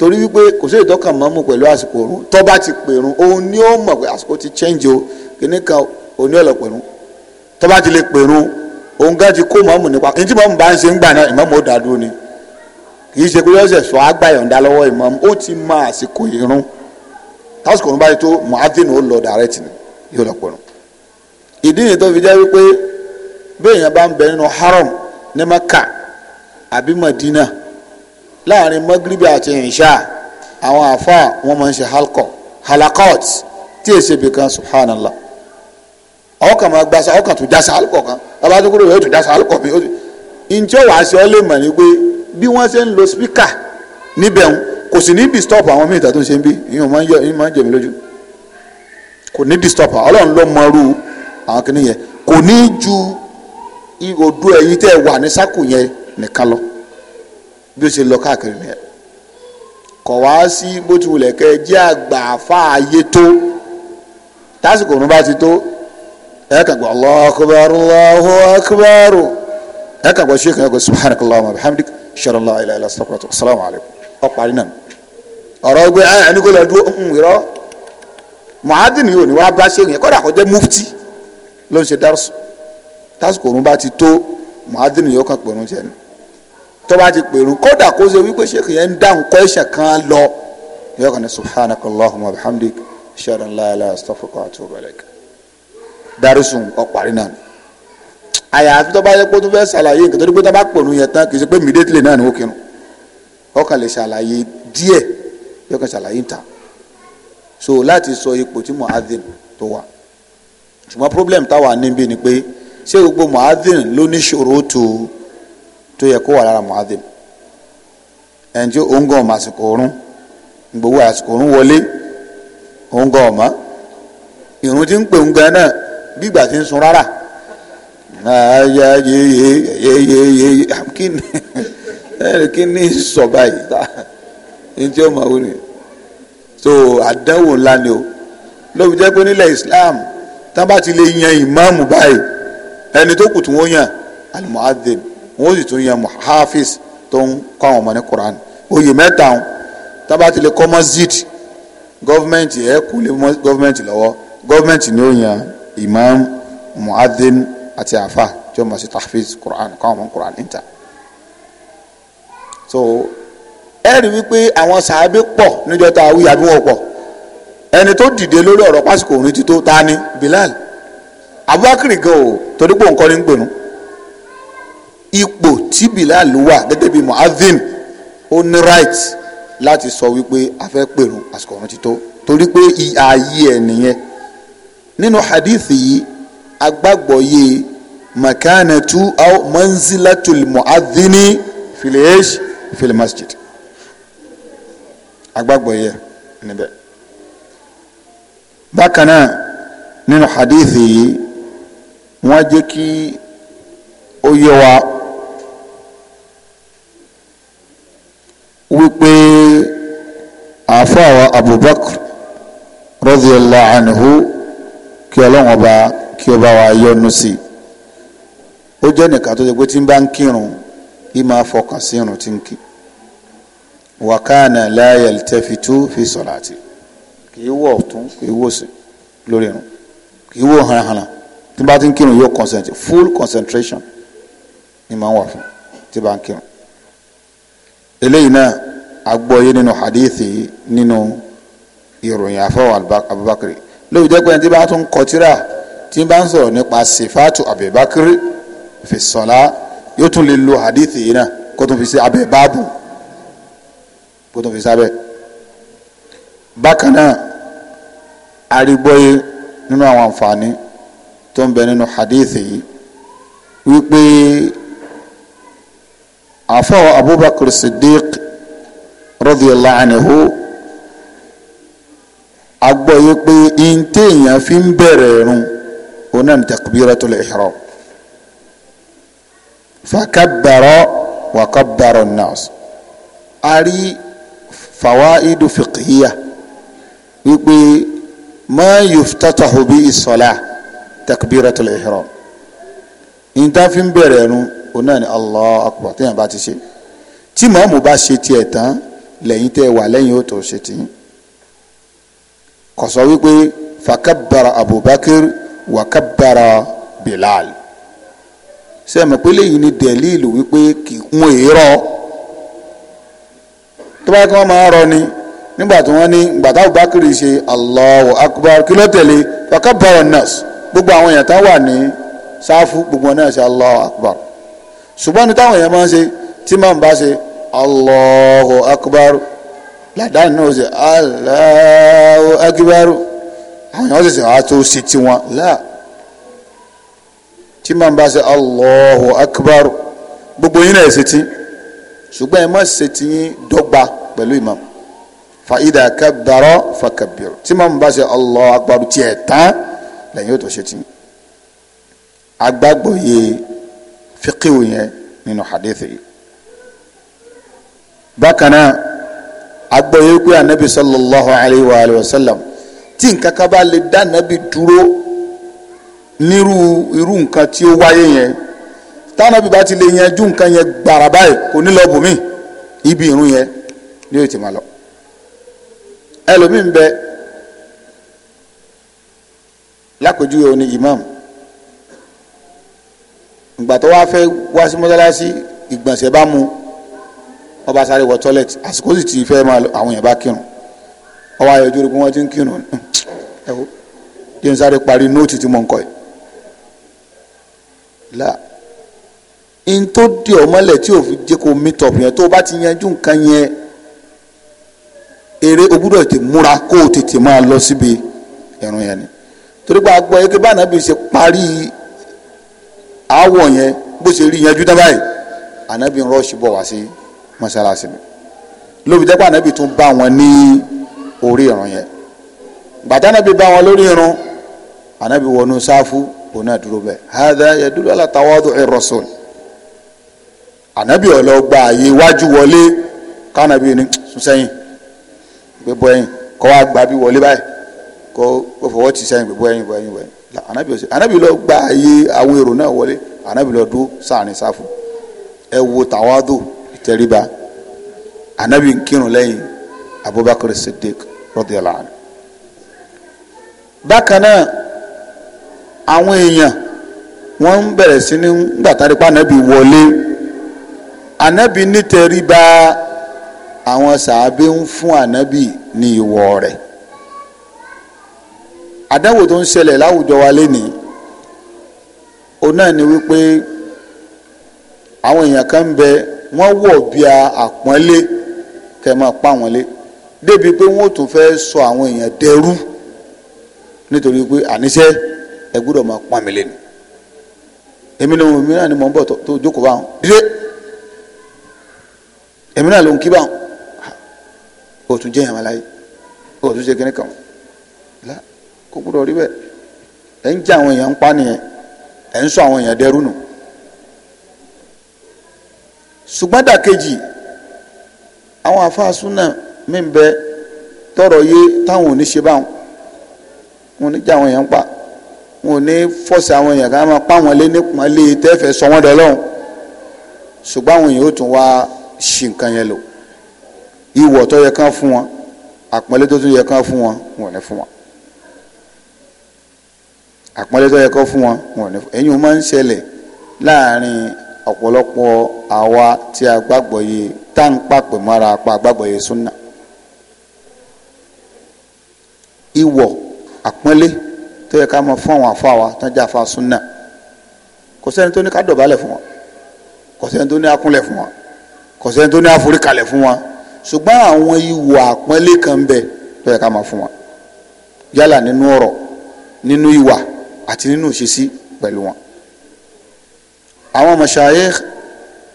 torí wípé kò sí ìtọ́kàn mọ́mú pẹ̀lú àsìkò òrùn tọba bá ti pèrún òun ni ó mọ̀ pé àsìkò ti change o kìíní kan òní ọ̀lọ̀ pèrún bá ti lè pèrún òun gan ti kó mọ́mú nípa kí tí mọ́mú bá ń ṣe ń gbà náà ó sọ àgbà yọ̀ǹda lọ́wọ́ ó ti mọ àsìkò tásìkò bá ti tó ó lọ láàrin magribi àti ìṣá àwọn àfa wọn máa ń ṣe halkọ halakot tí èsì ibì kan subhanallah àwọn kan máa gbasa àwọn kan tún jásá halkọ kan bàbá tó kúrò yóò tún jásá halkọ mi ǹjẹ́ wàá ṣe ọ́ lè mọ̀ ní pé bí wọ́n ṣe ń lo spíkà níbẹ̀ ń kò sì ní disturb àwọn míì tàbí tó ṣe ń bí ìyẹn máa ń yọ ìyẹn lójú kò ní disturb ọlọ́run ló mọrú àwọn kìnìyẹn kò ní ju odò ẹ̀yìn tẹ́ wà ní sákò yẹn nìkan lọ bí ó ṣe lọ káàkiri nìyẹn kọ̀ wá sí bó ti wulẹ̀ kẹ́ jẹ́ àgbà fààyè tó tásìkò òun bá ti tó ẹ kàn gbọ́ Allahu akbar Allahu akbar ẹ kàn gbọ́ ṣé kàn gbọ́ subhanakallahumma wa bihamdik ṣọlọ́lá ilà ilà sọ́kùrọ̀tù assalamu alaikum ọ parí náà ọ̀rọ̀ gbé ẹ ẹni kò lọ dúró ń irọ́ muhammed yóò ní wá bá ṣe yẹn kọ́dà kó jẹ́ mufti ló ń ṣe dárúsù tásìkò òun bá ti tó muhammed yóò kàn pẹ̀lú jẹ́ ni tó bá ti pèrú kódà kó ṣe wípé ṣèkì yẹn ń dáhùn kọ́ ẹ̀ṣẹ̀ kan lọ yóò kàn ní subhanaka allahumma wa bihamdik ṣẹ́ra ńlá ilá astaghfiruka wa atubu ilaik darisun ọ̀parí náà àyàfi tó bá yẹ kó tó fẹ́ ṣàlàyé nǹkan tó dé pé tó bá pèrú yẹn tán kì í ṣe pé immediately náà ni ó kírun ó lè ṣàlàyé díẹ̀ yóò kàn ṣàlàyé ta so láti sọ ipò tí mu'adhin tó wà ṣùgbọ́n problem táwa níbi ni pé ṣé gbogbo mu'adhin ló ní ṣòro tó tó yẹ kó wà lára mu'adhin ẹni tí ọmọ àsìkò gbogbo àsìkò wọlé ó ń ọmọ ìrun tí ń pè gan náà bí ìgbà tí ń sun rárá ayé ayé ayé ayé ayé kí ni kí ni sọ báyìí ta ní tí ó máa so àdánwò ńlá ni o lóbi jẹ́ pé nílẹ̀ Islam tá ti lè yan ìmáàmù báyìí ẹni tó wọ́n sì tún yẹ hafiz tó ń kọ́ àwọn ọmọ ní quran oyè mẹ́ta ń tábà ti kọ́ masjid gọ́fìmẹ̀ntì ẹ̀ kò lè mọ́ lọ́wọ́ gọ́fìmẹ̀ntì ni ó yan imam muadhin àti afa tí ó mọ̀ sí tahfiz quran kọ́ àwọn ọmọ quran níta so ẹ̀rí wípé àwọn sàábé pọ̀ níjọ́ tá a wí àbí wọn pọ̀ ẹni tó dìde lórí ọ̀rọ̀ pásítọ̀ òní tító ta ni bilal abubakar gan o torí pé òun kọ́ ní gbòòrùn ipò tí Bilal wà gẹ́gẹ́ bí mu'adhin ó ní right láti sọ wípé a fẹ́ pèrún àsìkò ọ̀run ti tó torí pé ààyè ẹ̀ nìyẹn nínú hadithi yìí agbágbọ́yé makanatu aw manzilatul mu'adhini filiyesh filimasjid agbágbọ́yé níbẹ̀ bákan náà nínú hadithi yìí wọ́n jẹ́ kí ó yé wa. wípé àfáàwà abubakar radiyallahu anhu kí ọlọ́run ọba kí ó bá wa yọ́nú sí ó jẹ́ nìkan tó ṣe pé tí ń bá ń kírun yìí máa fọkàn sí irun tí ń kí wa kana la yaltafitu fi salati kì í wọ̀ ọ̀tún kì í wọ̀ sí lórí irun kì í wọ̀ hànàhànà tí bá ti ń kírun yóò concentrate full concentration ni máa wà fún tí bá ń kírun eléyìí náà agbọ́yé nínú hadithi nínú ìròyìn afọwọ́ abubakar lóbi jẹ́ pé ẹni tí bá tún kọ tírà tí bá ń sọ̀rọ̀ nípa sifatu abubakar fi sọ̀lá yóò tún lè lo hadithi yìí náà kó tún fi sí abẹ́ báàbù kó tún fi sábẹ́ bákan náà arígbọ́yé nínú àwọn àǹfààní tó ń bẹ nínú hadithi yìí wípé àfọwọ́ abubakar siddiq radiyallahu anhu agbọ́yé pé ntẹ̀yìn fi ń bẹ̀rẹ̀ ẹ̀rùn onáà ní takbiratul ihram fakabbara wa kabbara an-nas a rí fawaidu fiqhiyya wípé ma yuftatahu bi as-salah takbiratul ihram ntẹ̀ fi ń bẹ̀rẹ̀ ẹ̀rùn òun náà ni allah akbar téèyàn bá ti ṣe tí mọ̀ọ́mù bá ṣe tiẹ̀ tán lẹ́yìn tẹ́ wà lẹ́yìn ó tó ṣe tiyín kò sọ wípé fakabara abubakar wakabara bilal sẹ́mi pé léyìí ni dẹ̀líìlù wípé kì í kún èérọ́ tó bá kí wọ́n máa rọ ni nígbà tí wọ́n ní gbàtà abubakar ṣe allahu akbar kí ló tẹ̀lé fakabara nas gbogbo àwọn èèyàn tá wà ní sáfù gbogbo náà ṣe allahu akbar ṣùgbọ́n ní táwọn èèyàn máa ń ṣe tí màá bá ṣe allahu akbar ládàáni náà ṣe allahu akbar àwọn èèyàn ṣẹ̀ṣẹ̀ wá tó ṣe tiwọn láà tí màá bá ṣe allahu akbar gbogbo yín náà ṣe tí ṣùgbọ́n ẹ má ṣe tí yín dọ́gba pẹ̀lú imam fa idà kabbara fa kabbiru tí bá ṣe allahu akbar tiẹ̀ tán lẹ́yìn ó tó ṣe tí agbágbọ̀ yìí fiqihu yẹn nínú hadith yìí bákan náà agbóyè pé anabi sallallahu alayhi wa alayhi wa sallam tí nǹkan kan bá lè dá anabi dúró nírú irú nǹkan tí ó wáyé yẹn tánabi bá ti lè yanjú nǹkan yẹn gbàrà báyìí kò ní lọ bùnmí ibi irun yẹn ni yóò ti máa lọ ẹlòmíín bẹ lápèjúwe oní imam ìgbà tó wá fẹ́ wá sí mọ́sálásí ìgbọ̀nsẹ̀ bá mu wọ́n bá sáré wọ tọ́lẹ̀tì àsìkò sì ti fẹ́ máa lọ àwọn èèyàn bá kírun wọ́n wá yọjú pé wọ́n ti ń kírun ẹ wo jẹ́ n sáré parí nóòtì tí mo ń kọ́ ẹ̀ là n tó di ọmọlẹ̀ tí ò fi jẹ́ kó meet yẹn tó bá ti yanjú nǹkan yẹn eré o gbúdọ̀ tètè múra kó o tètè máa lọ síbi ẹ̀rùn yẹn ni torí pé a gbọ́ kí bá nàbì ṣe parí àwọ̀ yẹn bó ṣe rí yanjú dá báyìí ànábì rọ́ọ̀ṣì bọ̀ wá sí mọ́ṣáláṣí mi lóbi dẹ́pọ̀ ànábì tún bá wọn ní orí ìrun yẹn gbàtà ànábì bá wọn lórí ìrun ànábì wọnú sáfù òun náà dúró bẹ́ẹ̀ hàdà yadullu ala tawadu'i rasul ànábì ọ̀lọ́ gba àyè iwájú wọlé kánábì ní sún sẹ́yìn gbé bọ́ ẹ̀yìn kọ́ wá gbà wọlé báyìí kó fọwọ́ ti sẹ́yìn gbé ẹ̀yìn bọ́ ẹ̀yìn anabi ọsẹ anabi lọ gba ayé àwọn èrò náà wọlé anabi lọ dúró sáàrin sáfù ẹ wo tàwádò ìtẹríba anabi ń kírun lẹ́yìn abubakar siddiq radiyallahu anhu bákan náà àwọn èèyàn wọ́n ń bẹ̀rẹ̀ sí ní gbàtàrí pa anabi wọlé anabi nítẹríba àwọn sàábé ń fún anabi ní ìwọ rẹ̀ àdáwò tó ń ṣẹlẹ̀ láwùjọ wa lénìí òun náà ni wípé àwọn èèyàn kan ń bẹ wọ́n wọ̀ bí a àpọ́nlé kẹ́ máa pa wọ́n lé débi pé wọ́n ò tún fẹ́ sọ àwọn èèyàn dẹrú nítorí pé àníṣe ẹ gbọ́dọ̀ máa pọ́n mi lénìí èmi náà èmi náà ni mò ń bọ̀ tó jókòó báwọn dídé èmi náà ló ń kí báwọn òtún jẹ́ ìyàmàláyé òtún ṣe kíní kan kò gbúdọ̀ rí bẹ́ẹ̀ ẹ̀ ń jẹ́ àwọn èèyàn ń pa nìyẹn ẹ̀ ń sọ àwọn èèyàn dẹrú nù ṣùgbọ́n dàkejì àwọn àfáàsùn náà mí bẹ tọrọ yé táwọn ò ní ṣe báwọn wọn ò ní jẹ́ àwọn èèyàn ń pa wọn ò ní fọ́ọ̀sì àwọn èèyàn ká máa pa wọn lé nípa lé tẹ́fẹ̀ sọ wọ́n dọ́lọ́hún ṣùgbọ́n àwọn èèyàn ó tún wá ṣì nǹkan yẹn lò ìwọ̀ tó yẹ kán fún wọn àpọ́nlé tó tún yẹ kán fún wọn wọn ò ní fún wọn àpọ́nlé tó yẹ kọ́ fún wọn wọn ò ní fún ẹ̀yin o máa ń ṣẹlẹ̀ láàrin ọ̀pọ̀lọpọ̀ àwa tí a gbàgbọ́ yé tá ń pàpẹ́ mọ́ra pa gbàgbọ́ yé súnà ìwọ̀ àpọ́nlé tó yẹ ká máa fún àwọn àfa wa tó ń jà fa súnà kò sẹ́ni tó ní ká dọ̀bálẹ̀ fún wọn kò sẹ́ni tó ní akúnlẹ̀ fún wọn kò sẹ́ni tó ní àforíkalẹ̀ fún wọn ṣùgbọ́n àwọn ìwọ̀ àpọ́nlé kan bẹ tó yẹ ká máa fún wọn yálà nínú ọ̀rọ̀ nínú ìwà àti nínú ìṣesí pẹ̀lú wọn. àwọn mashayikh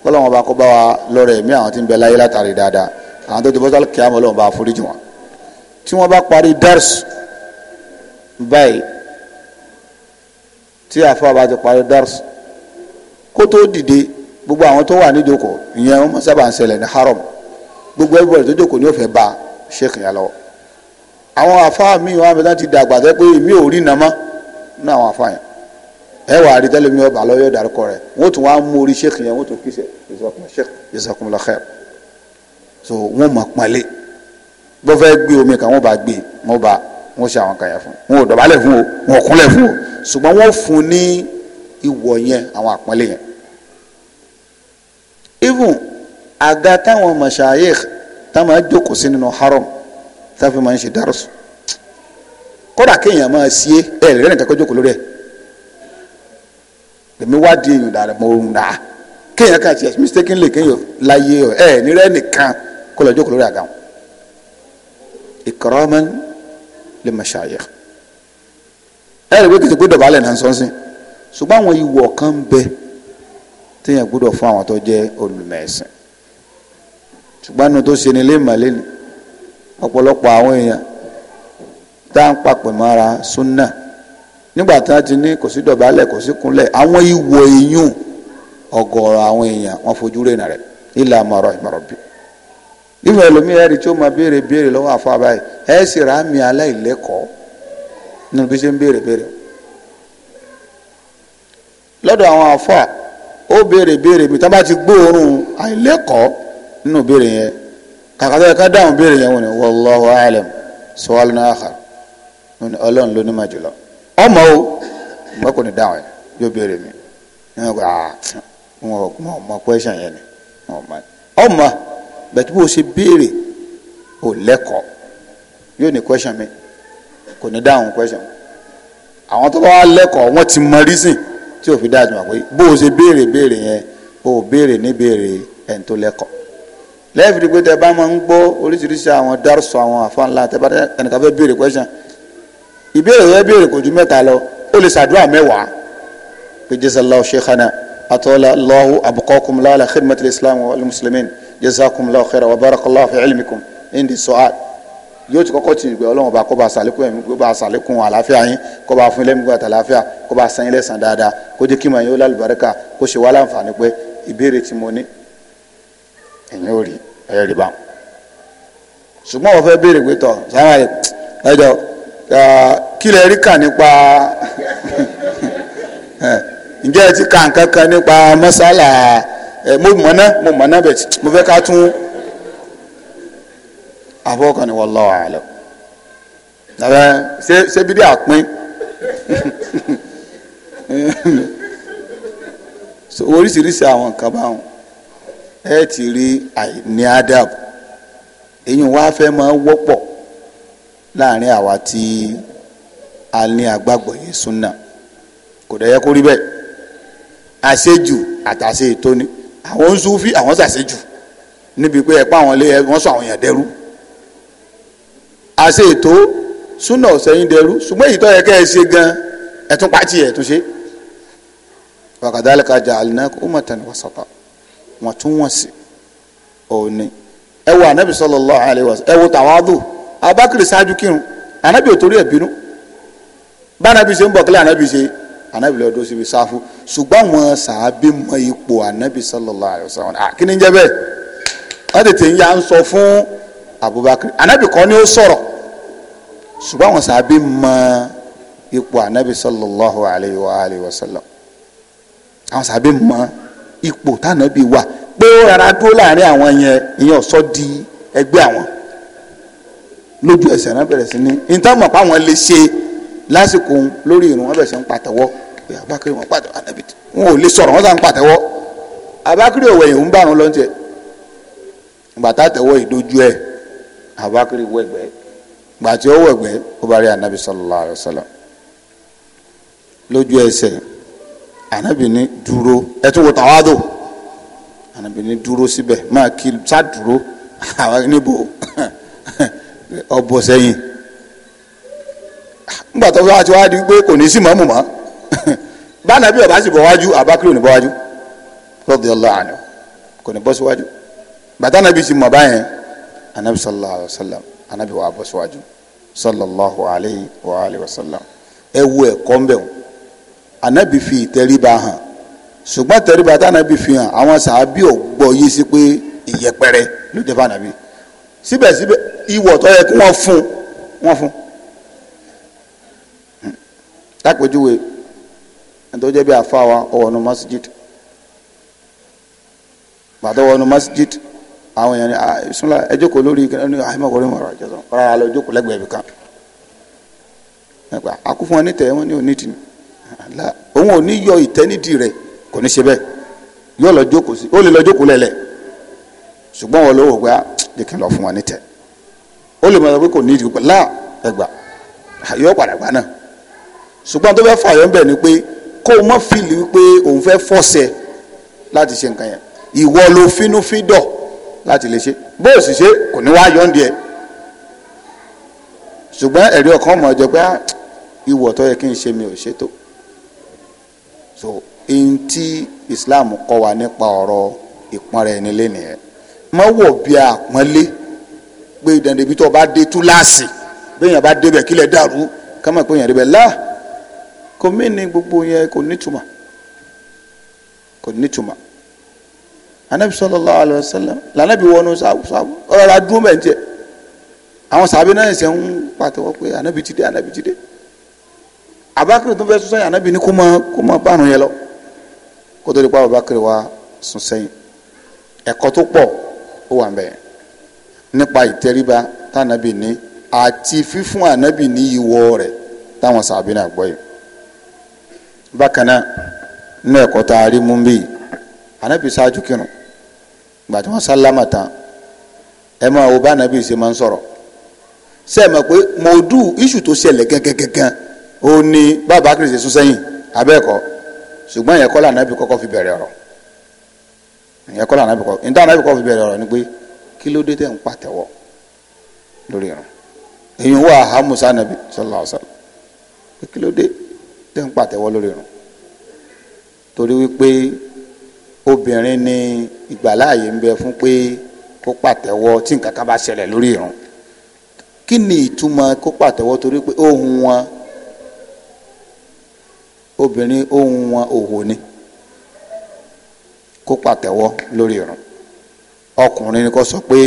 kọ́lọ́wọ́n bá kó bá wa lọ́rọ̀ ẹ̀mí àwọn tí ń bẹ láyé látàrí dáadáa àwọn tó ti bọ́ sálẹ̀ kíámọ́ lọ́wọ́n bá foríjì wọn. tí wọ́n bá parí dars báyìí tí àfa bá ti parí dars kó tó dìde gbogbo àwọn tó wà níjókòó ìyẹn wọn sábà ń ṣẹlẹ̀ ní haram gbogbo ẹgbẹ́ tó jókòó ní òfẹ́ bá sheikh yẹn lọ. àwọn àfa mi wọn àbẹ̀tán ti dàgbà sẹ́ pé èmi ò rí nàmá ní àwọn afáyàn ẹ wà á rí tẹ́lẹ̀ mi ọba lọ́yọ̀ dárúkọ rẹ̀ wọ́n tún wá mú orí sheikh yẹn wọ́n tún kí jazakumullahu khair so wọ́n mọ̀ pọ́nlé bọ́ fẹ́ gbé omi kan wọ́n bá gbé wọ́n bá wọ́n ṣe àwọn kan yẹn fún wọn ò dọ̀bálẹ̀ fún o wọn ò kúnlẹ̀ fún o ṣùgbọ́n wọ́n fún ní ìwọ̀ yẹn àwọn àpọ́nlé yẹn even àga táwọn mashayikh táwọn jókòó sí nínú haram táfi máa ń ṣe dárúsù kódà kéèyàn máa sí ẹ ẹ lẹ́rìn nǹkan kó jókòó lórí ẹ èmi wá di ìyùn dàrẹ mo ń dà kéèyàn kan tiẹ̀ mistakenly kéèyàn láyé ẹ ẹ nírẹ́ nìkan kó lọ jókòó lórí àga wọn ikraman lil mashayikh ẹ rẹ pé kìtì balẹ̀ náà sọ́nsìn ṣùgbọ́n àwọn ìwọ̀ kan ń bẹ téèyàn gbọ́dọ̀ fún àwọn tó jẹ́ olùmẹ̀sìn ṣùgbọ́n nu tó ṣe ni lé màlẹ́ ni ọ̀pọ̀lọpọ̀ àwọn èèyàn tá à ń papọ̀ mọ́ra súnà nígbà tí wọ́n ti ní kò sí dọ̀bálẹ̀ kò sí kúnlẹ̀ àwọn ìwọ eyín ọ̀gọ̀ọ̀rọ̀ àwọn èèyàn wọ́n fojú rìnà rẹ̀ ilà àmọ̀rọ̀ ìmọ̀rọ̀ bí. ìfẹ́ ẹlòmíì ẹ̀rí tí ó máa béèrè béèrè lọ́wọ́ àfọ àbáyé ẹ̀ sì rà á mi aláìlẹ́kọ̀ọ́ nínú bí ṣe ń béèrè béèrè. lọ́dọ̀ àwọn ó béèrè béèrè mi ti gbóòórùn àìlẹ́kọ̀ọ́ nínú béèrè yẹn ọlọ́run ló ní mà jùlọ ọmọ o ìgbà kò ní dáhùn yóò béèrè mi ẹ̀ wá wọn ò mọ ọmọ kwẹ́sàn yẹn ni ọmọ bẹ̀tú bó ṣe béèrè ò lẹ́kọ̀ọ́ yóò ní kwẹ́sàn mi kò ní dáhùn kwẹ́sàn àwọn tó bá wà lẹ́kọ̀ọ́ wọ́n ti mọ rísìn tí ò fi dáa jùmọ̀ pé bó o ṣe béèrè béèrè yẹn o ò béèrè ní béèrè ẹni tó lẹ́kọ̀ọ́ lẹ́yìn fi pé tẹ bá máa ń gbọ́ oríṣiríṣi àwọn dárúsọ àwọn àfáànlá tẹ bá ẹnìkan fẹ́ béèrè kwẹ́sàn ìbéèrè yẹn béèrè kò ju mẹ́ta lọ ó lè ṣàdúrà mẹ́wàá pé jazallahu sheikhana atọ́lá allahu abukakum lala khidmatul islam wa alimuslimin jazakum allahu khairan wa barakallahu fi ilmikum indi su'al yóò ti kọ́kọ́ ti gbẹ ọlọ́run ọba kó bá ṣàlékún ẹ̀mí kó bá ṣàlékún àlàáfíà yín kó bá fún ilẹ̀mí gbàtà àlàáfíà kó bá san ilẹ̀ san dáadáa kó jẹ́ kí màá yín ó lálùbáríkà kó ṣe wá láǹfààní pé ìbéèrè tí mo ní ẹ̀yin ò rí ẹ̀ rí bá wọn. ṣùgbọ́n wọ́n fẹ́ béèrè pé tọ̀ sáárà ẹ̀jọ̀ kílẹ̀ rí kà nípa ǹjẹ́ ẹ ti ka nǹkan kan nípa mọ́sálà mo mọ̀ná mo mo fẹ́ ká tún àfọwọ́kànnì wallahu a'lam tàbẹ́ ṣé ṣé bíbí àpín oríṣiríṣi àwọn nǹkan ẹ ti rí àìní èyí láàrin àwa tí a ní agbágbọ̀ yìí súnà kò dẹ̀ yẹ kó rí bẹ́ẹ̀ àṣejù àtàṣe ètò ni àwọn ń sunfí àwọn ṣàṣejù níbi pé ẹ̀pá àwọn ilé wọ́n sọ àwọn èèyàn dẹrú àṣe ètò súnà ọ̀sẹ̀yìn dẹrú ṣùgbọ́n èyí tó yẹ kẹ́ ẹ ṣe gan ẹ̀ pàtì ẹ̀ tún ṣe wa kadhalika ja'alnaka ummatan wasata wọ́n tún wọ́n sí òní ẹ wo anabi sallallahu alaihi wasallam ẹ wo abubakar ṣáájú kírun anabi ò torí ẹ̀ bínú bánabi ṣe ń bọ̀ kílẹ̀ anabi ṣe anabi lọ́ọ́ dúró síbi sáfù ṣùgbọ́n àwọn sàábì mọ ipò anabi sallallahu alayhi wa sallam kí ni ń jẹ́ bẹ́ẹ̀ wọ́n tètè ń ya ń sọ fún abubakar anabi kọ́ ni ó sọ̀rọ̀ ṣùgbọ́n àwọn sàábì mọ ipò anabi sallallahu alayhi wa alayhi wa sallam àwọn sàábì mọ ipò tànàbí wà pé ó rárá dúró láàrin àwọn yẹn ìyẹn ọ̀sọ́ di ẹgbẹ́ àwọn lójú ẹsẹ̀ náà bẹ̀rẹ̀ sí ní ìtàmọ̀ páwọn lè ṣe lásìkò lórí ìrun wọn bẹ̀rẹ̀ sí ń pàtẹ́wọ́ pé abákiri wọn pàtẹ́wọ́ ànábì wọn ò lè sọ̀rọ̀ wọn sàn pàtẹ́wọ́ abákiri òwò ẹ̀yìn ń bá wọn lọ́ntẹ̀ gbàtà tẹ̀wọ́ ìdójú ẹ̀ abákiri wọ ẹ̀gbẹ́ gbàtí ó wọ ó bá rí ànábì sallallahu alaihi wasallam lójú ẹsẹ̀ ànábì ní dúró ẹ̀ tún wò tàwádò ànábì ní dúró síbẹ̀ máa kí sá dúró àwọn níbo ọbọ sẹ́yìn nígbà tó wá wá di pé kò ní sí mọ́mù mọ́ báńdà bí ọba sì bọ̀ wájú abakiri ò ní bọ̀ wájú radiyallahu kò ní bọ́ síwájú bàtà nàbí sì mọ̀ báyẹn anabi sallallahu alayhi wa sallam anabi wà sallallahu alayhi wa alayhi wa sallam ẹ ń bẹ̀ wọ́n anabi fi hàn ṣùgbọ́n tẹríba tànàbí fi hàn àwọn sàábì yé sí pé ìyẹpẹrẹ ló dé síbẹ̀síbẹ̀ ìwọ̀ tó yẹ kí wọ́n fún wọ́n fún hmm. lápèjúwe àtọ́jọ́ bí àfáwa ọ̀wọ̀nù masjid bàtọ́ ọ̀wọ̀nù masjid àwọn èèyàn ní ìsúnlá ah, ẹ jókòó lórí ní àhìmọ̀kọ́rẹ́ ah, mọ̀rọ̀ ìjọsọ rárá lọ jókòó lẹ́gbẹ̀ẹ́ ibìkan ẹgbà akúfún ẹni tẹ̀ wọ́n ní òní tì ní òun ò ní yọ ìtẹ́nídì rẹ̀ kò ní ṣe bẹ́ẹ̀ yóò lọ jókòó sí ó lè lọ jókòó lẹ̀lẹ̀ ṣùgbọ́n wọ́n lówó gbà jẹ́ kí n lọ fún wọn ní tẹ̀ ó lè mọ̀ ẹ́ pé kò ní ìdí pé láà ẹgbà yóò padà gbà náà ṣùgbọ́n tó fẹ́ fà yọ ńbẹ̀ ni pé kó o mọ̀ fìlì wípé òun fẹ́ fọ́sẹ̀ láti ṣe nǹkan yẹn ìwọ ló fínúfíndọ̀ láti lè ṣe bó o sì ṣe kò ní wáá yọ̀ǹdì ẹ̀ ṣùgbọ́n ẹ̀rí ọkàn mọ̀ ọjọ́ pé ah, ìwọ tó yẹ kí n ṣe mi ò ṣe tó so eyín tí Islam kọ́ wa nípa ọ̀rọ̀ ìpọ́nra ẹni lé nìyẹn mọ́wọ́ bí i àpọ́nlé pé dandan ibi tó o bá dé túláàsì bẹ́ẹ̀yàn bá débẹ̀ kílẹ̀ dàrú kámọ̀ pé èèyàn débẹ̀ láà kò mí ní gbogbo yẹn kò nítumọ̀ kò nítumọ̀ anabi sallallahu alaihi wasallam lànàbí wọnú sáàbù sáàbù ọ̀rọ̀ la dúró bẹ́ẹ̀ tiẹ̀ àwọn sàbí náà ṣe ń pàtẹ́wọ́ pé anabi ti dé anabi ti dé abakiri tó fẹ́ sún sẹ́yìn anabi ní kó mọ kó mọ bárun yẹn lọ kó tó abakiri wa sún sẹ́yìn ẹ̀kọ́ tó pọ̀ ó wà mbẹ nípa ìtẹríba tànàbì ní àti fífún ànàbì ní ìwọ rẹ̀ táwọn sàbí náà gbọ́ yìí bákan náà nínú ẹ̀kọ́ tá a rí mú bí ànàbì ṣáájú kírun gbà tí wọn sálámà tán ẹ máa wo bá ànàbì ṣe máa ń sọ̀rọ̀ ṣe é mọ̀ pé mòdù iṣu tó ṣẹlẹ̀ gángan ó ní bàbá kìrìsì sún sẹ́yìn abẹ́ẹ̀kọ́ ṣùgbọ́n ìyẹn kọ́ lànà bí kọ́kọ́ fi bẹ̀rẹ̀ ọ̀rọ̀ ìyẹn kọ́ lànà ìbùkọ́ níta àná fi bẹ̀rẹ̀ ọ̀rọ̀ ni pé kí ló dé tẹ̀ ń pàtẹ́wọ́ lórí irun èyí wà hamusa nabi sallallahu alaihi wasallam pé kí ló dé tẹ̀ ń pàtẹ́wọ́ lórí irun torí wípé obìnrin ni ìgbàláàyè ń bẹ fún pé kó pàtẹ́wọ́ tí nǹkan kan bá ṣẹlẹ̀ lórí irun kí ni ìtumọ̀ kó pàtẹ́wọ́ torí pé ohùn wọn obìnrin ohùn wọn òhò ni kó pàtẹ́wọ́ lórí irun ọkùnrin ni kó sọ pé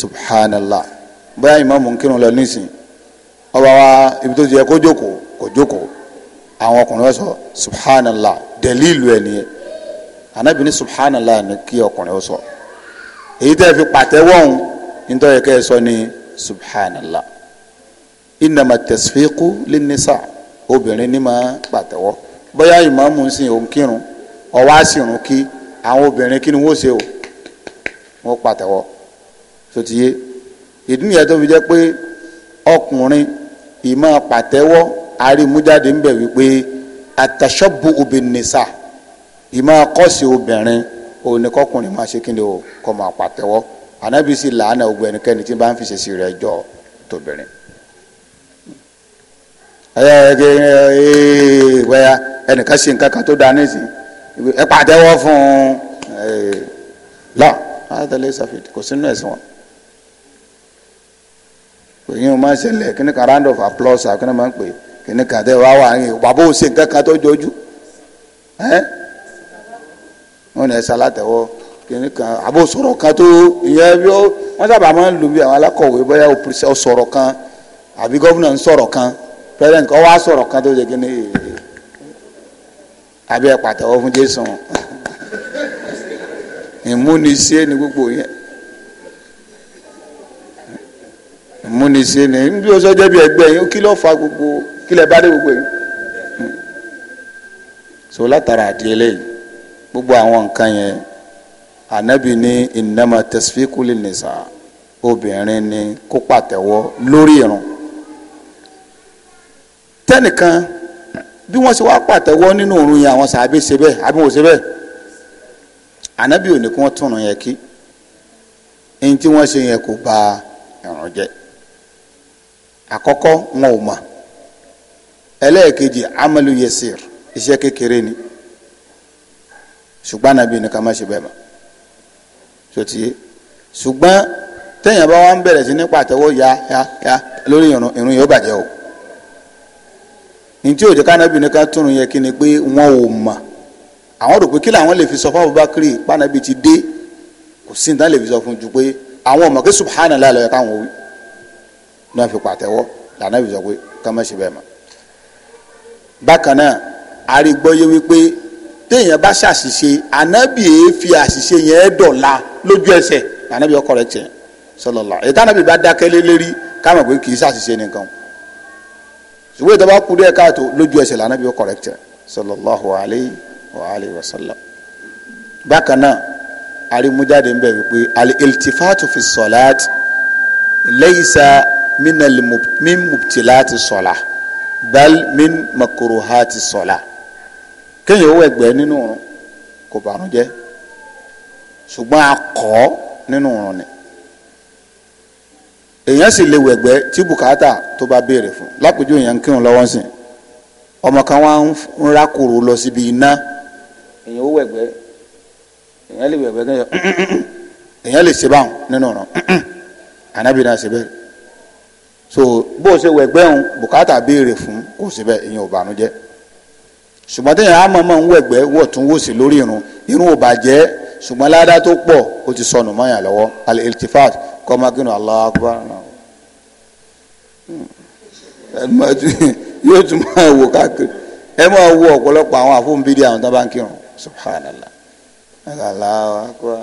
subhanallah bóyá ìmáàmù ń kírun lọ nísìn ọba wa ibi tó ti yẹ kó jókòó kó jókòó àwọn ọkùnrin wa sọ subhanallah dẹ̀líìlù ẹ̀ nìyẹn anabi ni subhanallah ni kí ọkùnrin ó sọ èyí tẹ́ fi pàtẹ́wọ́ ọ̀hún nítorí ẹ̀ka ẹ̀ sọ ni subhanallah innama tasfiqu linnisa obìnrin ni máa pàtẹ́wọ́ bóyá ìmáàmù ń sìn òun kírun ọwọ́ àsìrùn kí àwọn obìnrin kí ni wọ́n ṣe o wọ́n pàtẹ́wọ́ tó ti yé ìdí nìyẹn tó fi jẹ́ pé ọkùnrin ìmọ̀ pàtẹ́wọ́ àrímújáde ń bẹ̀ wípé àtàṣọ́bù obìnrinṣà ìmọ̀ akọ́sí obìnrin òun ni máa ṣe kí ni o kọ́ máa pàtẹ́wọ́ ànábì sì làánà ogun ẹnikẹ́ni tí bá ń fi ṣèṣì rẹ̀ jọ tóbìnrin. ẹ̀yà ẹ̀ẹ́dẹ́gbẹ̀rẹ̀ ẹ̀ẹ́dẹ́gbẹ̀rẹ̀ ẹnìkan ṣe nǹkan kan tó dáa nísìnyí ẹ pàtẹ́wọ́ fún un lọ àtẹlẹ sàfihàn kò sínú ẹ̀sìn wọn èyí wọn máa ń ṣẹlẹ̀ kí ni kan round of applause kí ni máa ń pè kí ni kan tẹ wá wà ní bàbá òsè nǹkan kan tó jọjú wọn ní ẹsẹ alátẹwọ kí ni kan àbò sọ̀rọ̀ kan tó ìyẹn bí wọn sábà máa ń lù bí àwọn alákọ̀wé bóyá òsọ̀rọ̀ kan àbí gọ́vùnà ń sọ̀rọ̀ kan pẹ́rẹ́ǹtì kọ́ wá sọ̀rọ̀ kan tó jẹ́ kí ni abẹ́ pàtẹ́wọ́ fún Jésù ìmúnisẹ́ ni gbogbo yẹn ìmúnisẹ́ ni bí o sọ jẹ́ bí ẹgbẹ́ yín kí ló fa gbogbo kí lè bá dé gbogbo yín so látara àdìyẹlẹ yìí gbogbo àwọn nǹkan yẹn ànábì ní ìnáma tẹsífíkúlì nìsa obìnrin ni kó pàtẹ́wọ́ lórí irun tẹnìkan bí wọ́n ṣe wá pàtẹ́wọ́ nínú òrùn yẹn àwọn sàbẹ̀ ṣe bẹ́ẹ̀ àbí wọ́n ṣe bẹ́ẹ̀ ànábì ò ní kí wọ́n tún ọ̀run yẹn kí ẹni tí wọ́n ṣe yẹn kò bà ẹ̀rùn jẹ́ àkọ́kọ́ wọn ò mọ̀ ẹlẹ́ẹ̀kejì amalu yasir iṣẹ́ kékeré ni ṣùgbọ́n ànábì ní ká má ṣe bẹ́ẹ̀ mọ́ sotie ṣùgbọ́n tẹ̀yìn bá wà sí ní pàtẹ́wọ́ ya ya ya lórí ìrun ìrun yóò bàjẹ́ o ntí òjò kánábì ní ká túnú yẹ kí ni pé wọn ò mọ̀ àwọn rò pé kí làwọn lè fi sọ fún Abubakar pánábì ti dé kò sí nǹkan lè fi sọ fún ju pé àwọn ọmọ kí subhanallah lọ yẹ káwọn wí náà fi pàtẹ́wọ́ lànà fi sọ pé ká má ṣe bẹ́ẹ̀ mọ́. bákan náà arígbọ́yé wípé téèyàn bá ṣàṣìṣe ànábì èé fi àṣìṣe yẹn dọ̀la lójú ẹsẹ̀ ànábì ọkọ rẹ̀ tiẹ̀ sallallahu ètò ànábì bá dákẹ́ lé lérí ká pé kì í ṣàṣìṣe nìkan ìwé ìtọ́ bá kú díẹ̀ káàtó lójú ẹsẹ̀ lànà bí ó kọ̀rẹ́kítẹ̀ sallallahu alayhi wa alayhi wa sallam. bákan náà arimujade ń bẹ̀ wípé al-iltifatu fi sọ̀láàtì laysa min mubtilati sọ̀lá bal min makuruhati sọ̀lá kéèyàn ó ẹgbẹ́ nínú òrùn kò bàrún jẹ́ ṣùgbọ́n akọ́ nínú òrùn ni. èèyàn sì lè wẹ̀gbẹ́ tí bùkátà tó bá béèrè fún lápèjú èèyàn ń kírun lọ́wọ́ ọmọ kan wá ń ra kòrò lọ síbi iná èèyàn ó wẹ̀gbẹ́ èèyàn lè wẹ̀gbẹ́ èèyàn lè ṣe báwọn nínú ọ̀ràn ànábì náà so bó o ṣe wẹ̀gbẹ́ òun bùkátà béèrè fún kò èèyàn ò bànújẹ́ ṣùgbọ́n téèyàn á mọ̀ mọ̀ ń irun irun ò bàjẹ́ ṣùgbọ́n ládàá tó pọ̀ ó ti sọnù lọ́wọ́ kọ́mákínú Allahu Akbar hmm. yóò tún máa wò káàkiri ẹ máa wo ọ̀pọ̀lọpọ̀ àwọn àfọ̀nbídìí àwọn tó bá ń kírun subhanallah Allahu Akbar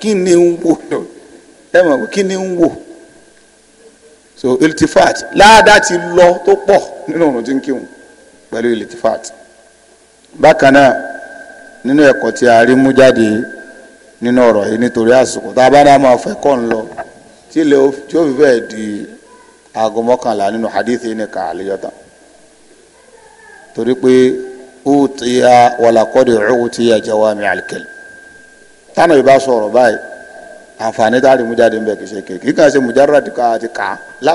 kí ni ń wò ẹ máa wò kí ni ń wò so iltifat láàdá ti lọ tó pọ̀ nínú ọ̀run tí ń kírun pẹ̀lú iltifat bákan náà nínú ẹ̀kọ́ tí a rí mú jáde yìí nínú ọ̀rọ̀ yìí nítorí àsìkò tá a bá ní a máa fẹ́ kọ́ ń lọ tí ó fi bẹ́ẹ̀ di aago mọ́kànlá nínú hadith yìí nìkan àlejòta torí pé utiya walakọ́dì utiya jawami alkalim tánà yìí bá sọ̀rọ̀ báyìí àǹfààní tá a lè mú jáde ń bẹ kì í ṣe kéèké kí kàn ṣe mujarrad ká àti kà la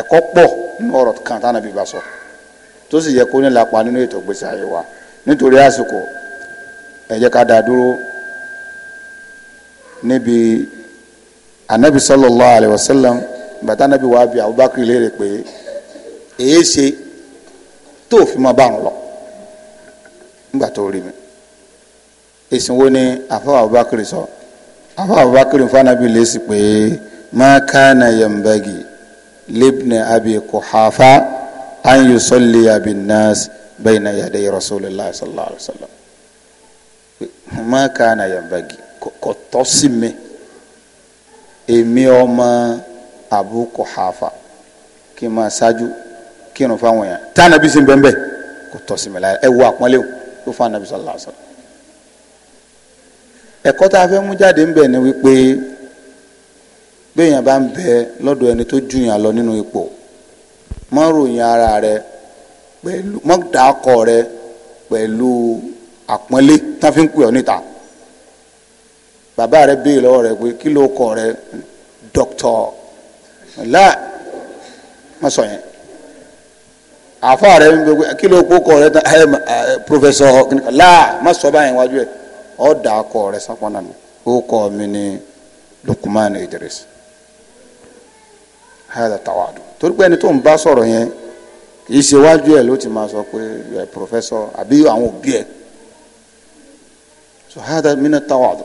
ẹ̀kọ́ pọ̀ nínú ọ̀rọ̀ kan tánà bí bá sọ tó sì yẹ kó ní lápá nínú ètò ìgbésí ayé wa nítorí àsìkò ẹ ká dá dúró níbi anabi sallallahu alayhi wa sallam bàtà anabi wàá bi abubakar léèrè pé èyí ṣe tó fi máa bá wọn lọ nígbà tó rí mi èsì wo ni àfọwọ́ abubakar sọ àfọwọ́ abubakar fún anabi lèsì pé ma kana yambagi libni abi kuhafa an yusalliya bin nas bayna yaday rasulillah sallallahu alayhi wa sallam ma kana yambagi. kò tọ́ mi èmi ọmọ Abu Kuhafa kí n ṣáájú kí n fáwọn yẹn tá ànábì sí bẹ́ẹ̀ bẹ́ẹ̀ mi àpọ́nlé o ló fún ànábì sallallahu alaihi tá a mú jáde ni wípé ju yàn lọ nínú ipò ròyìn ara rẹ pẹ̀lú rẹ pẹ̀lú àpọ́nlé tá a fi bàbá rẹ béè lọ́wọ́ rẹ pé kí ló kọ rẹ dọ́kítọ̀ láà má sọ yẹn àfọ rẹ kí ló kó kọ rẹ pọfẹsọ láà má sọ báyìí wájú ẹ ọ dà kọ rẹ sápọnà mi ó kọ mi ní Idris hada tawadu torí pé ẹni tó ń bá sọ̀rọ̀ yẹn kì í ṣe wájú ẹ ló ti máa sọ pé you àbí àwọn òbí ẹ so hada mina tawadu.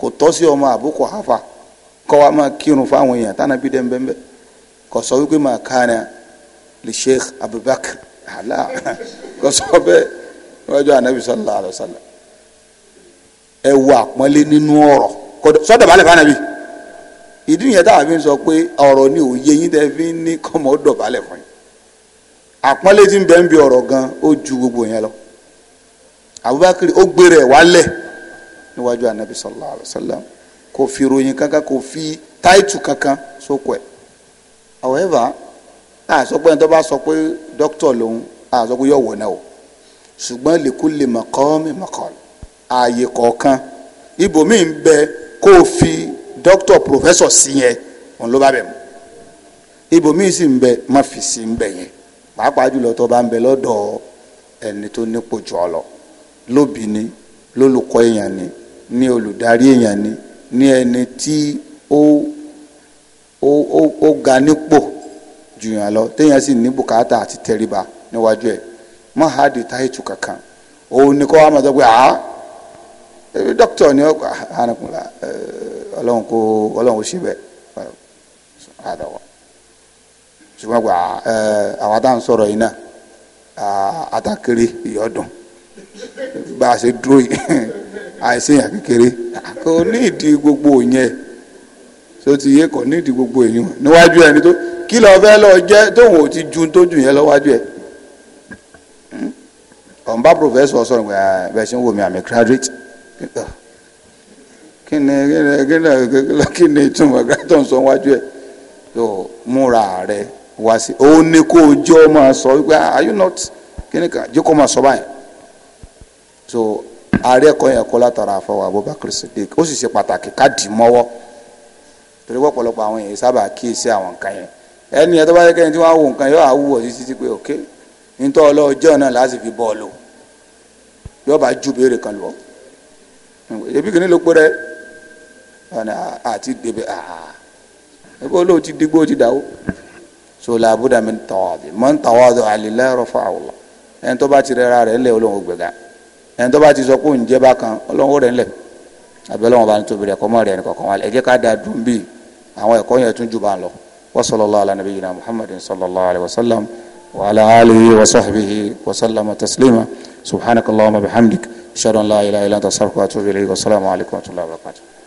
kò tọ́ sí ọmọ àbúkọ hafa kọ́ wa kírun èèyàn kò wípé ma kana li sheikh abubakar ala kò sọ bẹ́ẹ̀ wájú anabi sallallahu alayhi wa sallam ɛ wo àpọ́nlé nínú ìdí yẹn tá a fi sọ pé ọ̀rọ̀ ni òye yín fi ní bẹ ń bi ọ̀rọ̀ gan ó ju gbogbo yẹn abubakar níwájú anabi sallallahu alayhi wa sallam kò fi ròyìn kankan kò fi táìtù kankan sóko ẹ̀ however a tó bá sọ pé dókítà lòun a yóò wọ̀ náà o ṣùgbọ́n likulli maqami maqal ààyè kọ̀ọ̀kan ibòmíì ń bẹ kó o fi dókítà pòfẹ́sọ̀ sí yẹn òun ló bá bẹ̀ mọ́ ibòmíì sì ń bẹ má fi sí ń bẹ yẹn pàápàá jùlọ tó bá ń bẹ lọ́dọ̀ ẹni tó nípò jù ọ lọ lólùkọ́ èèyàn ni ní olùdarí èèyàn ni ní ẹni tí ó ó ó ó ga nípò jùyàn lọ téèyàn sì ní bùkátà àti tẹríba níwájú ẹ má ha di táìtù kankan òun ni kọ́ wa máa sọ pé àá eh, dókítà ni ó hànàkùnlá ah, ah, eh, ọlọ́run ọlọ́run ṣe bẹ́ẹ̀ àdàwọ̀ ṣùgbọ́n eh, bá a ṣe dúró yìí àìsí yàn kékeré kò ní ìdí gbogbo yẹn so ti yé kò ní ìdí gbogbo yẹn níwájú ẹni tó kí lọ fẹ́ lọ jẹ́ tóun ò ti ju tó jù yẹn lọ́wájú ẹ̀ hmm? ọ̀nba professor sọ̀rọ̀ pé ah, bẹ́ẹ̀ ṣe ń wò mí àmì graduate kí ni kí ni kí ni kí ni ìtumọ̀ gàtọ̀ ń sọ wájú ẹ̀ tó múra rẹ̀ wá sí i ó ní kó o jẹ́ ọ máa sọ wípé ah, are you not kí ni kà jẹ́ kó o máa sọ báyìí so ààrẹ kọ́ yẹn kọ́ látara àfọwọ́ Abubakar Siddiq ó sì ṣe pàtàkì ká dì í mọ́wọ́ torí wọ́pọ̀lọpọ̀ àwọn èèyàn sábà kíyèsí àwọn nǹkan yẹn ẹni ẹ tó bá yẹ kẹ́ni tí wọ́n á wo nǹkan yóò àwùwọ̀ títí ti pé ok nítorí ọlọ́ọ̀jọ́ náà láti fi bọ́ọ̀lù yóò bá ju béèrè kan lọ ebi kìíní ló pé rẹ àti dèbè àà ebi olóò ti digbó ti dàwó so làbúdà mi tàwádìí mọ́ ń tàwádìí àlìlẹ́ rọ fún àwùlọ ẹni tó bá ti rẹ́ra rẹ̀ ńlẹ̀ olóhùn gbẹ̀gà ẹni tó bá ti sọ pé òun jẹ́ bákan ọlọ́run ó rẹ̀ ńlẹ̀ abẹ́lẹ́wọ̀n bá ní tóbi rẹ̀ kọ́mọ́ rẹ̀ nìkọ̀kan wa ẹ jẹ́ ká da dùn bíi àwọn ẹ̀kọ́ yẹn tún jù bá ń lọ wa sallallahu ala nabiyyina muhammadin sallallahu alayhi wa sallam wa ala alihi wa sahbihi wa sallama taslima subhanakallahumma bihamdik ashhadu an la ilaha illa anta astaghfiruka wa atubu ilayk wa salaamu alaykum wa rahmatullahi wa barakatuh.